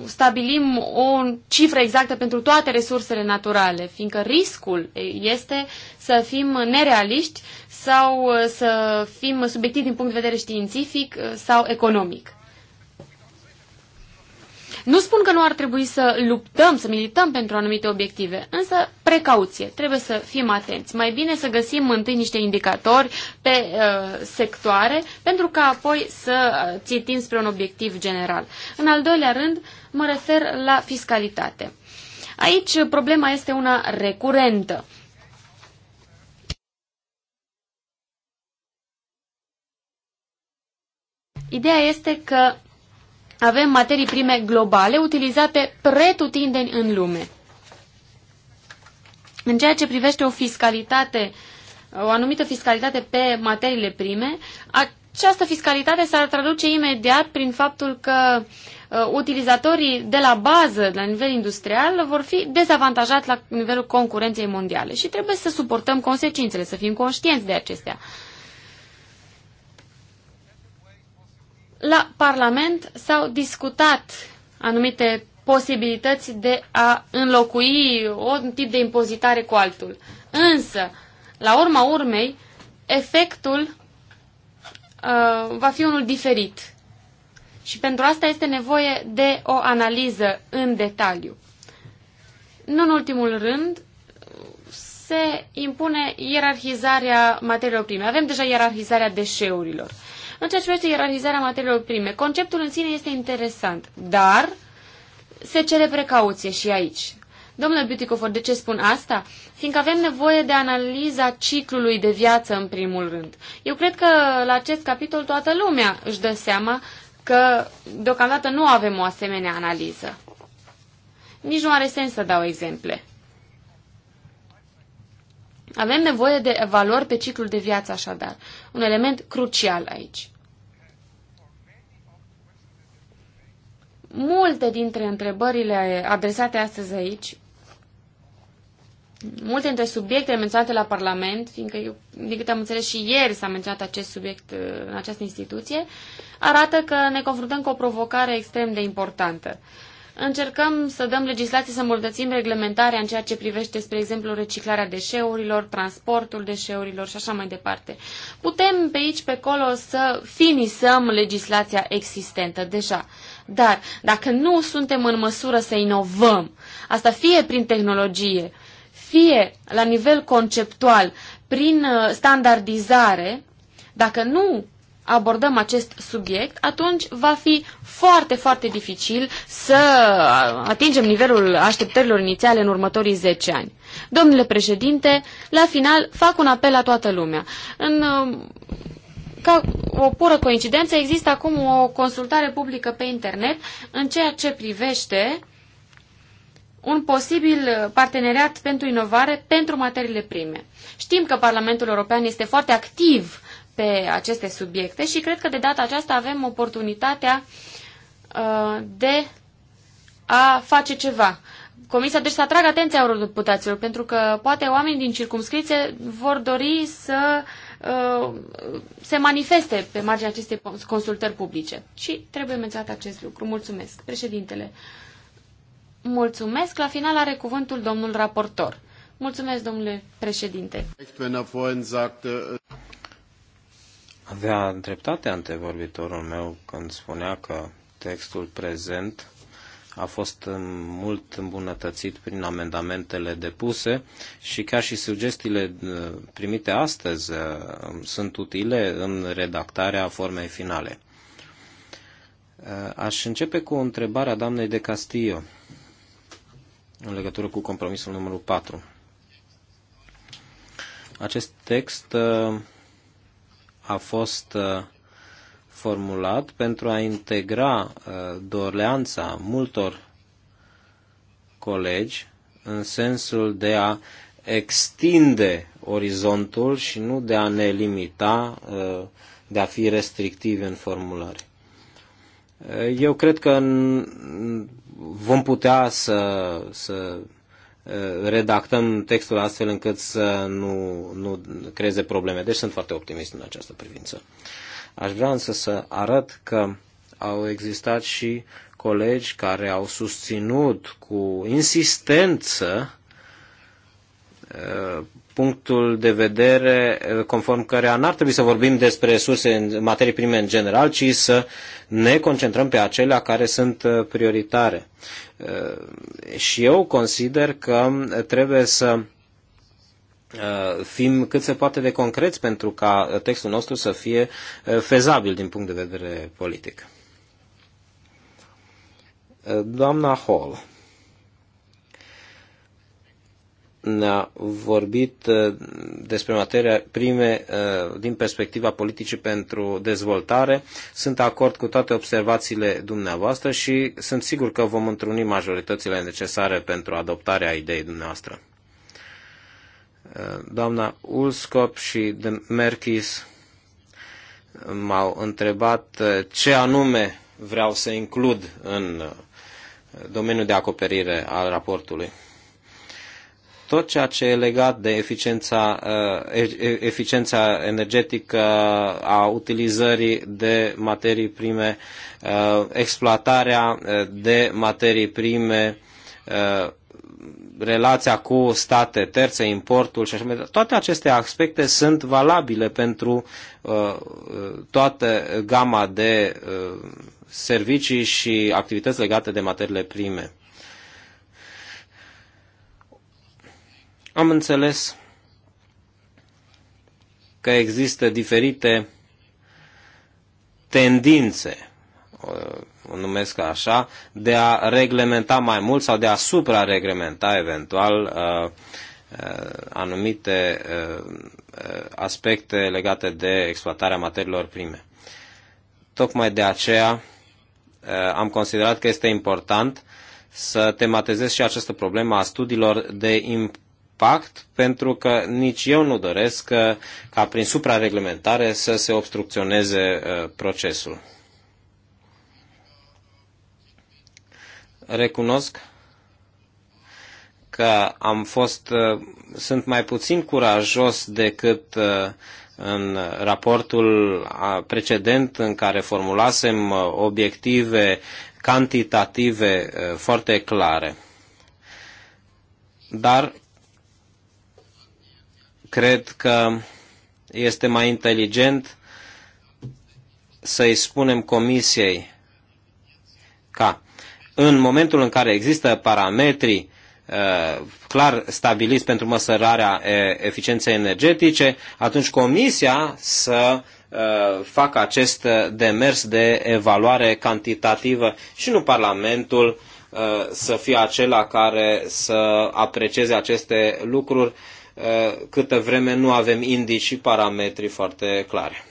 S3: stabilim o cifră exactă pentru toate resursele naturale, fiindcă riscul este să fim nerealiști sau să fim subiectivi din punct de vedere științific sau economic. Nu spun că nu ar trebui să luptăm, să milităm pentru anumite obiective, însă precauție, trebuie să fim atenți. Mai bine să găsim întâi niște indicatori pe uh, sectoare pentru ca apoi să uh, țitim spre un obiectiv general. În al doilea rând, mă refer la fiscalitate. Aici problema este una recurentă. Ideea este că avem materii prime globale utilizate pretutindeni în lume. În ceea ce privește o fiscalitate, o anumită fiscalitate pe materiile prime, această fiscalitate s-ar traduce imediat prin faptul că uh, utilizatorii de la bază, la nivel industrial, vor fi dezavantajați la nivelul concurenței mondiale și trebuie să suportăm consecințele, să fim conștienți de acestea. Uh, La Parlament s-au discutat anumite posibilități de a înlocui un tip de impozitare cu altul. Însă, la urma urmei, efectul uh, va fi unul diferit. Și pentru asta este nevoie de o analiză în detaliu. Nu în ultimul rând, se impune ierarhizarea materiilor prime. Avem deja ierarhizarea deșeurilor. În ceea ce privește ierarhizarea materiilor prime, conceptul în sine este interesant, dar se cere precauție și aici. Domnule Beauticofer, de ce spun asta? Fiindcă avem nevoie de analiza ciclului de viață, în primul rând. Eu cred că la acest capitol toată lumea își dă seama că deocamdată nu avem o asemenea analiză. Nici nu are sens să dau exemple. Avem nevoie de valori pe ciclul de viață, așadar. Un element crucial aici. Multe dintre întrebările adresate astăzi aici, multe dintre subiectele menționate la Parlament, fiindcă eu, din câte am înțeles și ieri s-a menționat acest subiect uh, în această instituție, arată că ne confruntăm cu o provocare extrem de importantă. Încercăm să dăm legislație să îmbunătățim reglementarea în ceea ce privește, spre exemplu, reciclarea deșeurilor, transportul deșeurilor și așa mai departe. Putem pe aici, pe acolo, să finisăm legislația existentă deja. Dar dacă nu suntem în măsură să inovăm, asta fie prin tehnologie, fie la nivel conceptual, prin uh, standardizare, dacă nu abordăm acest subiect, atunci va fi foarte, foarte dificil să uh, atingem nivelul așteptărilor inițiale în următorii 10 ani. Domnule președinte, la final fac un apel la toată lumea. În uh, ca o pură coincidență, există acum o consultare publică pe internet în ceea ce privește un posibil parteneriat pentru inovare pentru materiile prime. Știm că Parlamentul European este foarte activ pe aceste subiecte și cred că de data aceasta avem oportunitatea uh, de a face ceva. Comisia deci să atragă atenția eurodeputaților, pentru că poate oamenii din circumscriție vor dori să uh, Uh, se manifeste pe marginea acestei consultări publice. Și trebuie menționat acest lucru. Mulțumesc, președintele. Mulțumesc. La final are cuvântul domnul raportor. Mulțumesc, domnule președinte.
S1: Avea dreptate antevorbitorul meu când spunea că textul prezent a fost mult îmbunătățit prin amendamentele depuse și chiar și sugestiile uh, primite astăzi uh, sunt utile în redactarea formei finale. Uh, aș începe cu o întrebare a doamnei de Castillo în legătură cu compromisul numărul 4. Acest text a fost formulat pentru a integra uh, doleanța multor colegi în sensul de a extinde orizontul și nu de a ne limita, uh, de a fi restrictivi în formulări. Uh, eu cred că vom putea să, să redactăm textul astfel încât să nu, nu creeze probleme. Deci sunt foarte optimist în această privință. Aș vrea însă să arăt că au existat și colegi care au susținut cu insistență uh, punctul de vedere uh, conform căreia n-ar trebui să vorbim despre resurse în materii prime în general, ci să ne concentrăm pe acelea care sunt uh, prioritare. Și eu consider că trebuie să Uh, fim cât se poate de concreți pentru ca uh, textul nostru să fie uh, fezabil din punct de vedere politic. Doamna Hall ne-a vorbit despre materia prime din perspectiva politicii pentru dezvoltare. Sunt acord cu toate observațiile dumneavoastră și sunt sigur că vom întruni majoritățile necesare pentru adoptarea ideii dumneavoastră. Doamna Ulscop și de Merkis m-au întrebat uh, ce anume vreau să includ în uh, domeniul de acoperire al raportului. Tot ceea ce e legat de eficiența, uh, eficiența energetică a utilizării de materii prime, exploatarea de materii prime relația cu state terțe, importul și așa mai departe. Toate aceste aspecte sunt valabile pentru uh, toată gama de uh, servicii și activități legate de materiile prime. Am înțeles că există diferite tendințe uh, o numesc așa, de a reglementa mai mult sau de a supra-reglementa eventual uh, uh, anumite uh, uh aspecte legate de exploatarea materiilor prime. Tocmai de aceea uh, am considerat că este important să tematizez și această problemă a studiilor de impact, pentru că nici eu nu doresc uh, ca prin suprareglementare să se obstrucționeze procesul. recunosc că am fost, uh, sunt mai puțin curajos decât uh, în raportul precedent în care formulasem uh, obiective cantitative foarte clare. Dar cred că este mai inteligent să-i spunem comisiei ca în momentul în care există parametri uh, clar stabiliți pentru măsărarea eficienței energetice, atunci Comisia să uh, facă acest demers de evaluare cantitativă și nu Parlamentul uh, să fie acela care să aprecieze aceste lucruri câtă vreme nu avem indici și parametri foarte clare.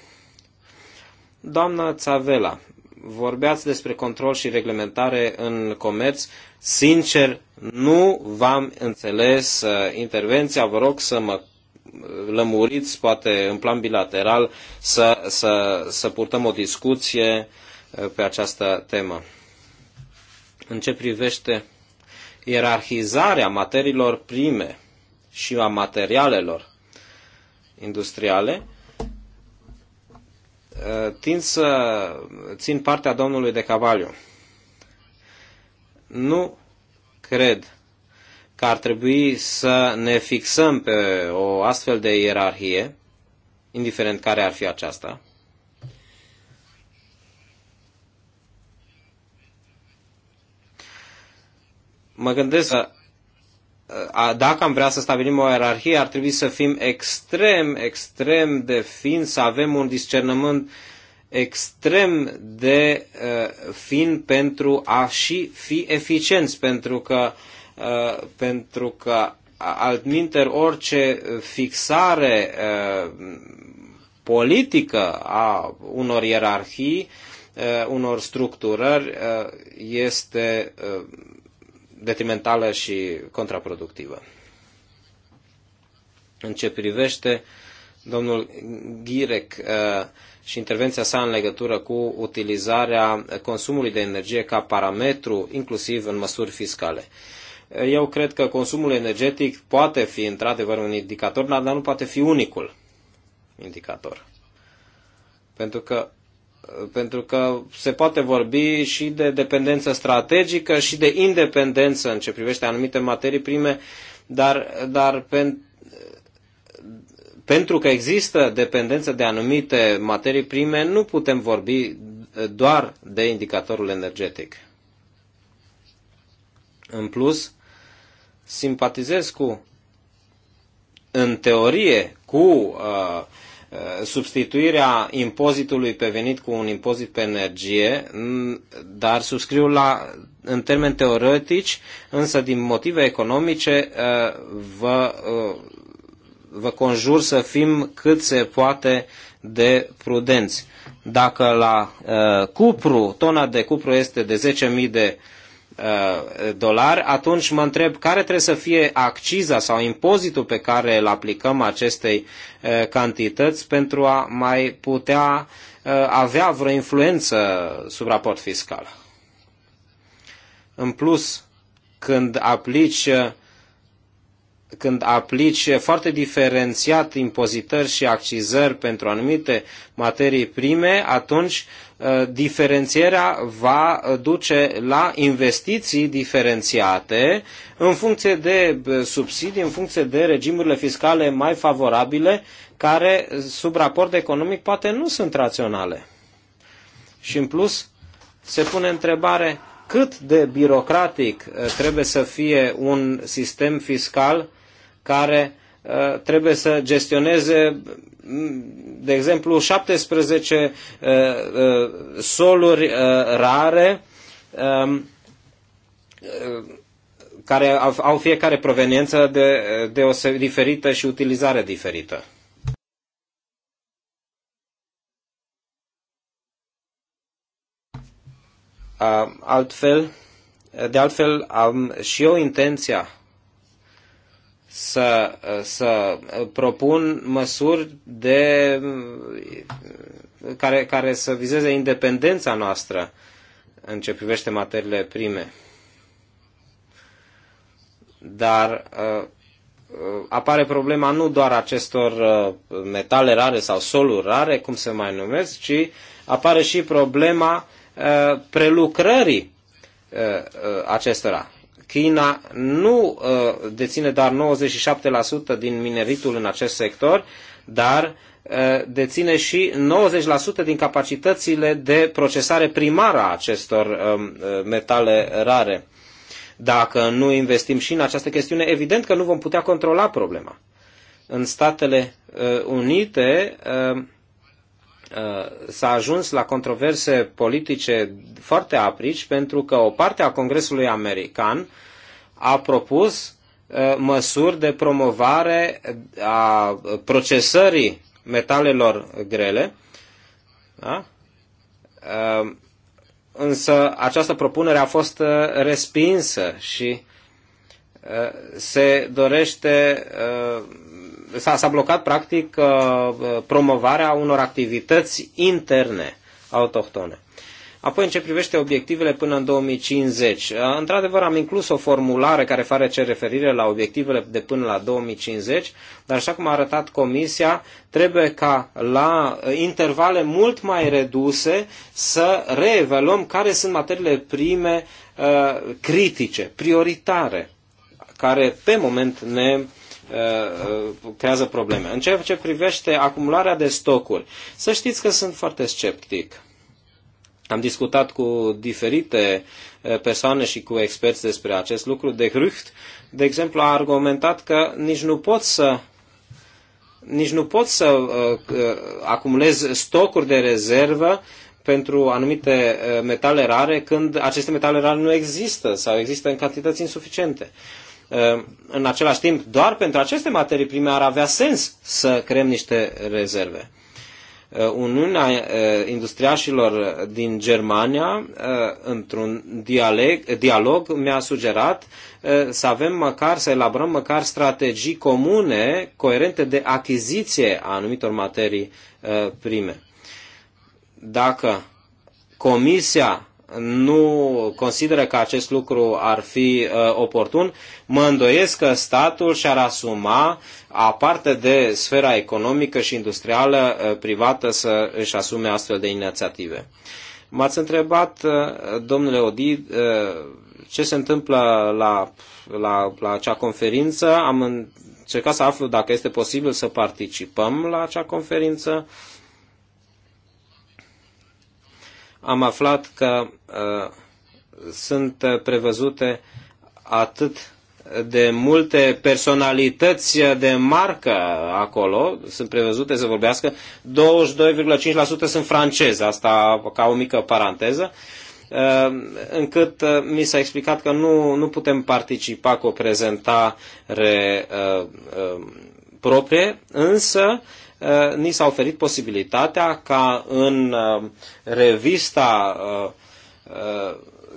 S1: Doamna Țavela vorbeați despre control și reglementare în comerț. Sincer, nu v-am înțeles uh, intervenția. Vă rog să mă lămuriți, poate în plan bilateral, să, să, să purtăm o discuție uh, pe această temă. În ce privește ierarhizarea materiilor prime și a materialelor industriale, Eh, tind să țin partea domnului de Cavaliu. Nu cred că ar trebui să ne fixăm pe o astfel de ierarhie, indiferent care ar fi aceasta. Mă gândesc că dacă am vrea să stabilim o ierarhie, ar trebui să fim extrem, extrem de fin, să avem un discernământ extrem de uh, fin pentru a și fi eficienți, pentru că, uh, pentru că altminter orice fixare uh, politică a unor ierarhii, uh, unor structurări, uh, este uh, detrimentală și contraproductivă. În ce privește domnul Ghirec uh, și intervenția sa în legătură cu utilizarea consumului de energie ca parametru, inclusiv în măsuri fiscale. Eu cred că consumul energetic poate fi într-adevăr un indicator, dar nu poate fi unicul indicator. Pentru că pentru că se poate vorbi și de dependență strategică și de independență în ce privește anumite materii prime, dar, dar pen, pentru că există dependență de anumite materii prime, nu putem vorbi doar de indicatorul energetic. În plus, simpatizez cu, în teorie, cu uh, Eh, substituirea impozitului pe venit cu un impozit pe energie, mm, dar subscriu la, în termeni teoretici, însă din motive economice eh, vă, eh, vă conjur să fim cât se poate de prudenți. Dacă la cupru, tona de cupru este de 10.000 de Uh, dolari, atunci mă întreb care trebuie să fie acciza sau impozitul pe care îl aplicăm acestei uh, cantități pentru a mai putea uh, avea vreo influență sub raport fiscal. În plus, când aplici când aplici foarte diferențiat impozitări și accizări pentru anumite materii prime, atunci Uh, diferențierea va duce la investiții diferențiate în funcție de uh, subsidii, în funcție de regimurile fiscale mai favorabile, care uh, sub raport economic poate nu sunt raționale. Și în plus se pune întrebare cât de birocratic trebuie să fie un sistem fiscal care trebuie să gestioneze de exemplu, 17 eh, eh, soluri eh, rare care au fiecare proveniență de, de o diferită și utilizare diferită. Altfel, de altfel, am și eu intenția să, să propun măsuri de, care, care să vizeze independența noastră în ce privește materiile prime. Dar uh, apare problema nu doar acestor uh, metale rare sau soluri rare, cum se mai numesc, ci apare și problema uh, prelucrării acestora. China nu uh, deține doar 97% din mineritul în acest sector, dar uh, deține și 90% din capacitățile de procesare primară a acestor um, uh, metale rare. Dacă nu investim și în această chestiune, evident că nu vom putea controla problema. În Statele uh, Unite, uh, Uh, s-a ajuns la controverse politice foarte aprici pentru că o parte a Congresului American a propus uh, măsuri de promovare a procesării metalelor grele. Da? Uh, însă această propunere a fost respinsă și se dorește s-a, blocat practic uh, promovarea unor activități interne autohtone. Apoi, în ce privește obiectivele până în 2050, uh, într-adevăr am inclus o formulare care face referire la obiectivele de până la 2050, dar așa cum a arătat Comisia, trebuie ca la uh, intervale mult mai reduse să reevaluăm care sunt materiile prime critice, prioritare, care pe moment ne Uh, uh, creează probleme. În ceea ce privește acumularea de stocuri, să știți că sunt foarte sceptic. Am discutat cu diferite uh, persoane și cu experți despre acest lucru. De Hrucht, de exemplu, a argumentat că nici nu pot să nici nu pot să uh, acumulez stocuri de rezervă pentru anumite metale rare când aceste metale rare nu există sau există în cantități insuficiente. Ehm, în același timp, doar pentru aceste materii prime ar avea sens să creăm niște rezerve. Ehm, Uniunea ehm, Industriașilor din Germania, într-un dialog, dialog mi-a sugerat să avem măcar, să elaborăm măcar strategii comune, coerente de achiziție a anumitor materii prime. Dacă Comisia nu consideră că acest lucru ar fi uh, oportun, mă îndoiesc că statul și-ar asuma, aparte de sfera economică și industrială uh, privată, să își asume astfel de inițiative. M-ați întrebat, uh, domnule Odi, uh, ce se întâmplă la, la, la acea conferință. Am încercat să aflu dacă este posibil să participăm la acea conferință. Uh, am aflat că uh, sunt uh, prevăzute atât de multe personalități uh, de marcă acolo, sunt prevăzute să vorbească, 22,5% sunt francezi, asta ca o mică paranteză, încât mi s-a explicat că nu, nu putem participa cu o prezentare proprie, însă Uh, ni s-a oferit posibilitatea ca în uh, revista uh,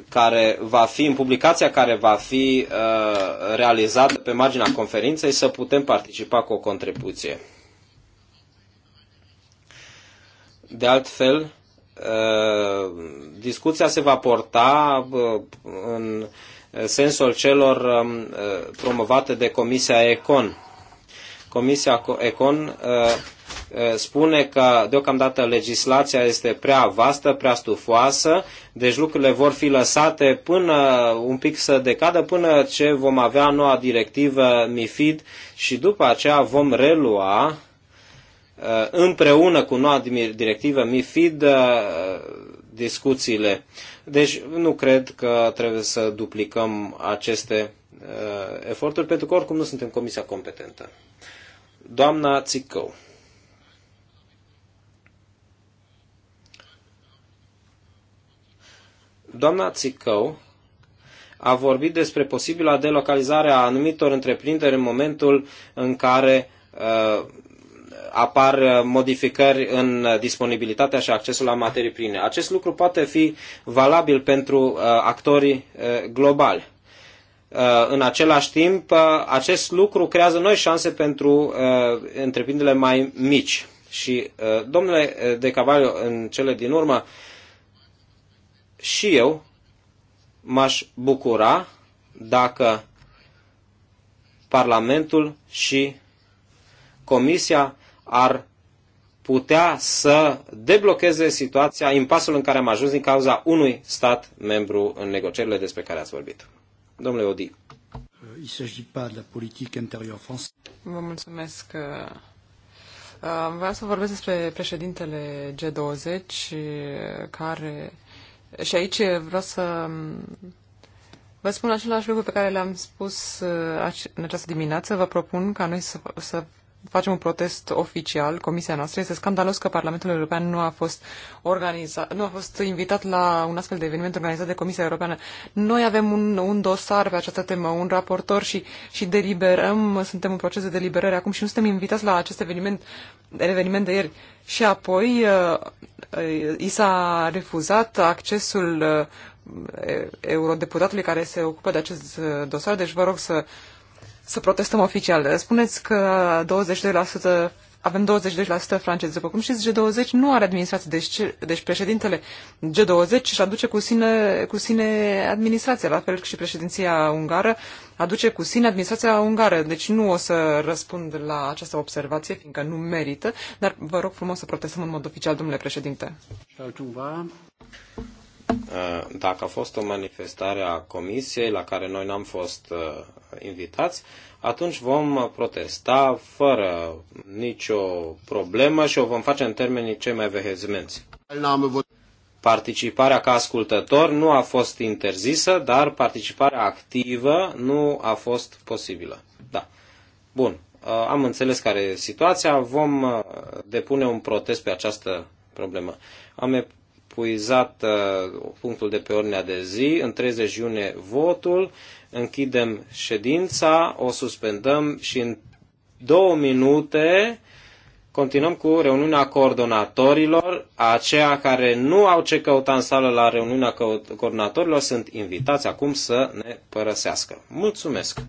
S1: care va fi, în publicația care va fi realizată pe marginea conferinței, să putem participa cu o contribuție. De altfel, discuția se va porta în sensul celor um, promovate de Comisia Econ. Comisia Econ Eh, spune că deocamdată legislația este prea vastă, prea stufoasă, deci lucrurile vor fi lăsate până un pic să decadă, până ce vom avea noua directivă MIFID și după aceea vom relua eh, împreună cu noua directivă MIFID eh, discuțiile. Deci nu cred că trebuie să duplicăm aceste eforturi, pentru că oricum nu suntem comisia competentă. Doamna Țicău. Doamna Țicău a vorbit despre posibila delocalizare a anumitor întreprinderi în momentul în care uh, apar modificări în disponibilitatea și accesul la materii prime. Acest lucru poate fi valabil pentru uh, actorii uh, globali. Uh, în același timp, uh, acest lucru creează noi șanse pentru uh, întreprinderile mai mici. Și, uh, domnule uh, De Cavallo, în cele din urmă, uh, și eu m-aș bucura dacă Parlamentul și Comisia ar putea să deblocheze situația, impasul în care am ajuns din cauza unui stat membru în negocierile despre care ați vorbit. Domnule Odi.
S2: Il s'agit pas de la politique intérieure française.
S4: Vă mulțumesc. Uh, uh, vreau să vorbesc despre președintele G20 uh, care și aici vreau să mm, vă spun același lucru pe care l-am spus uh, în această dimineață. Vă propun ca noi să, să facem un protest oficial, comisia noastră. Este scandalos că Parlamentul European nu a fost organizat, nu a fost invitat la un astfel de eveniment organizat de Comisia Europeană. Noi avem un, un dosar pe această temă, un raportor și, și deliberăm, suntem în proces de deliberare acum și nu suntem invitați la acest eveniment, eveniment de ieri. Și apoi uh, uh, i s-a refuzat accesul uh, eurodeputatului care se ocupă de acest dosar, deci vă rog să să protestăm oficial. Spuneți că 22% avem 22% francezi. După cum știți, G20 nu are administrație, deci, deci președintele G20 își aduce cu sine, cu sine administrația, la fel și președinția ungară aduce cu sine administrația ungară. Deci nu o să răspund la această observație, fiindcă nu merită, dar vă rog frumos să protestăm în mod oficial, domnule președinte.
S1: Uh, dacă a fost o manifestare a comisiei la care noi n-am fost uh, invitați, atunci vom protesta fără nicio problemă și o vom face în termenii cei mai vehezmenți. Participarea ca ascultător nu a fost interzisă, dar participarea activă nu a fost posibilă. Da. Bun. Uh, am înțeles care e situația. Vom depune un protest pe această problemă. Am epuizat uh, punctul de pe ordinea de zi, în 30 iunie votul, închidem ședința, o suspendăm și în două minute continuăm cu reuniunea coordonatorilor. Aceia care nu au ce căuta în sală la reuniunea coordonatorilor sunt invitați acum să ne părăsească. Mulțumesc!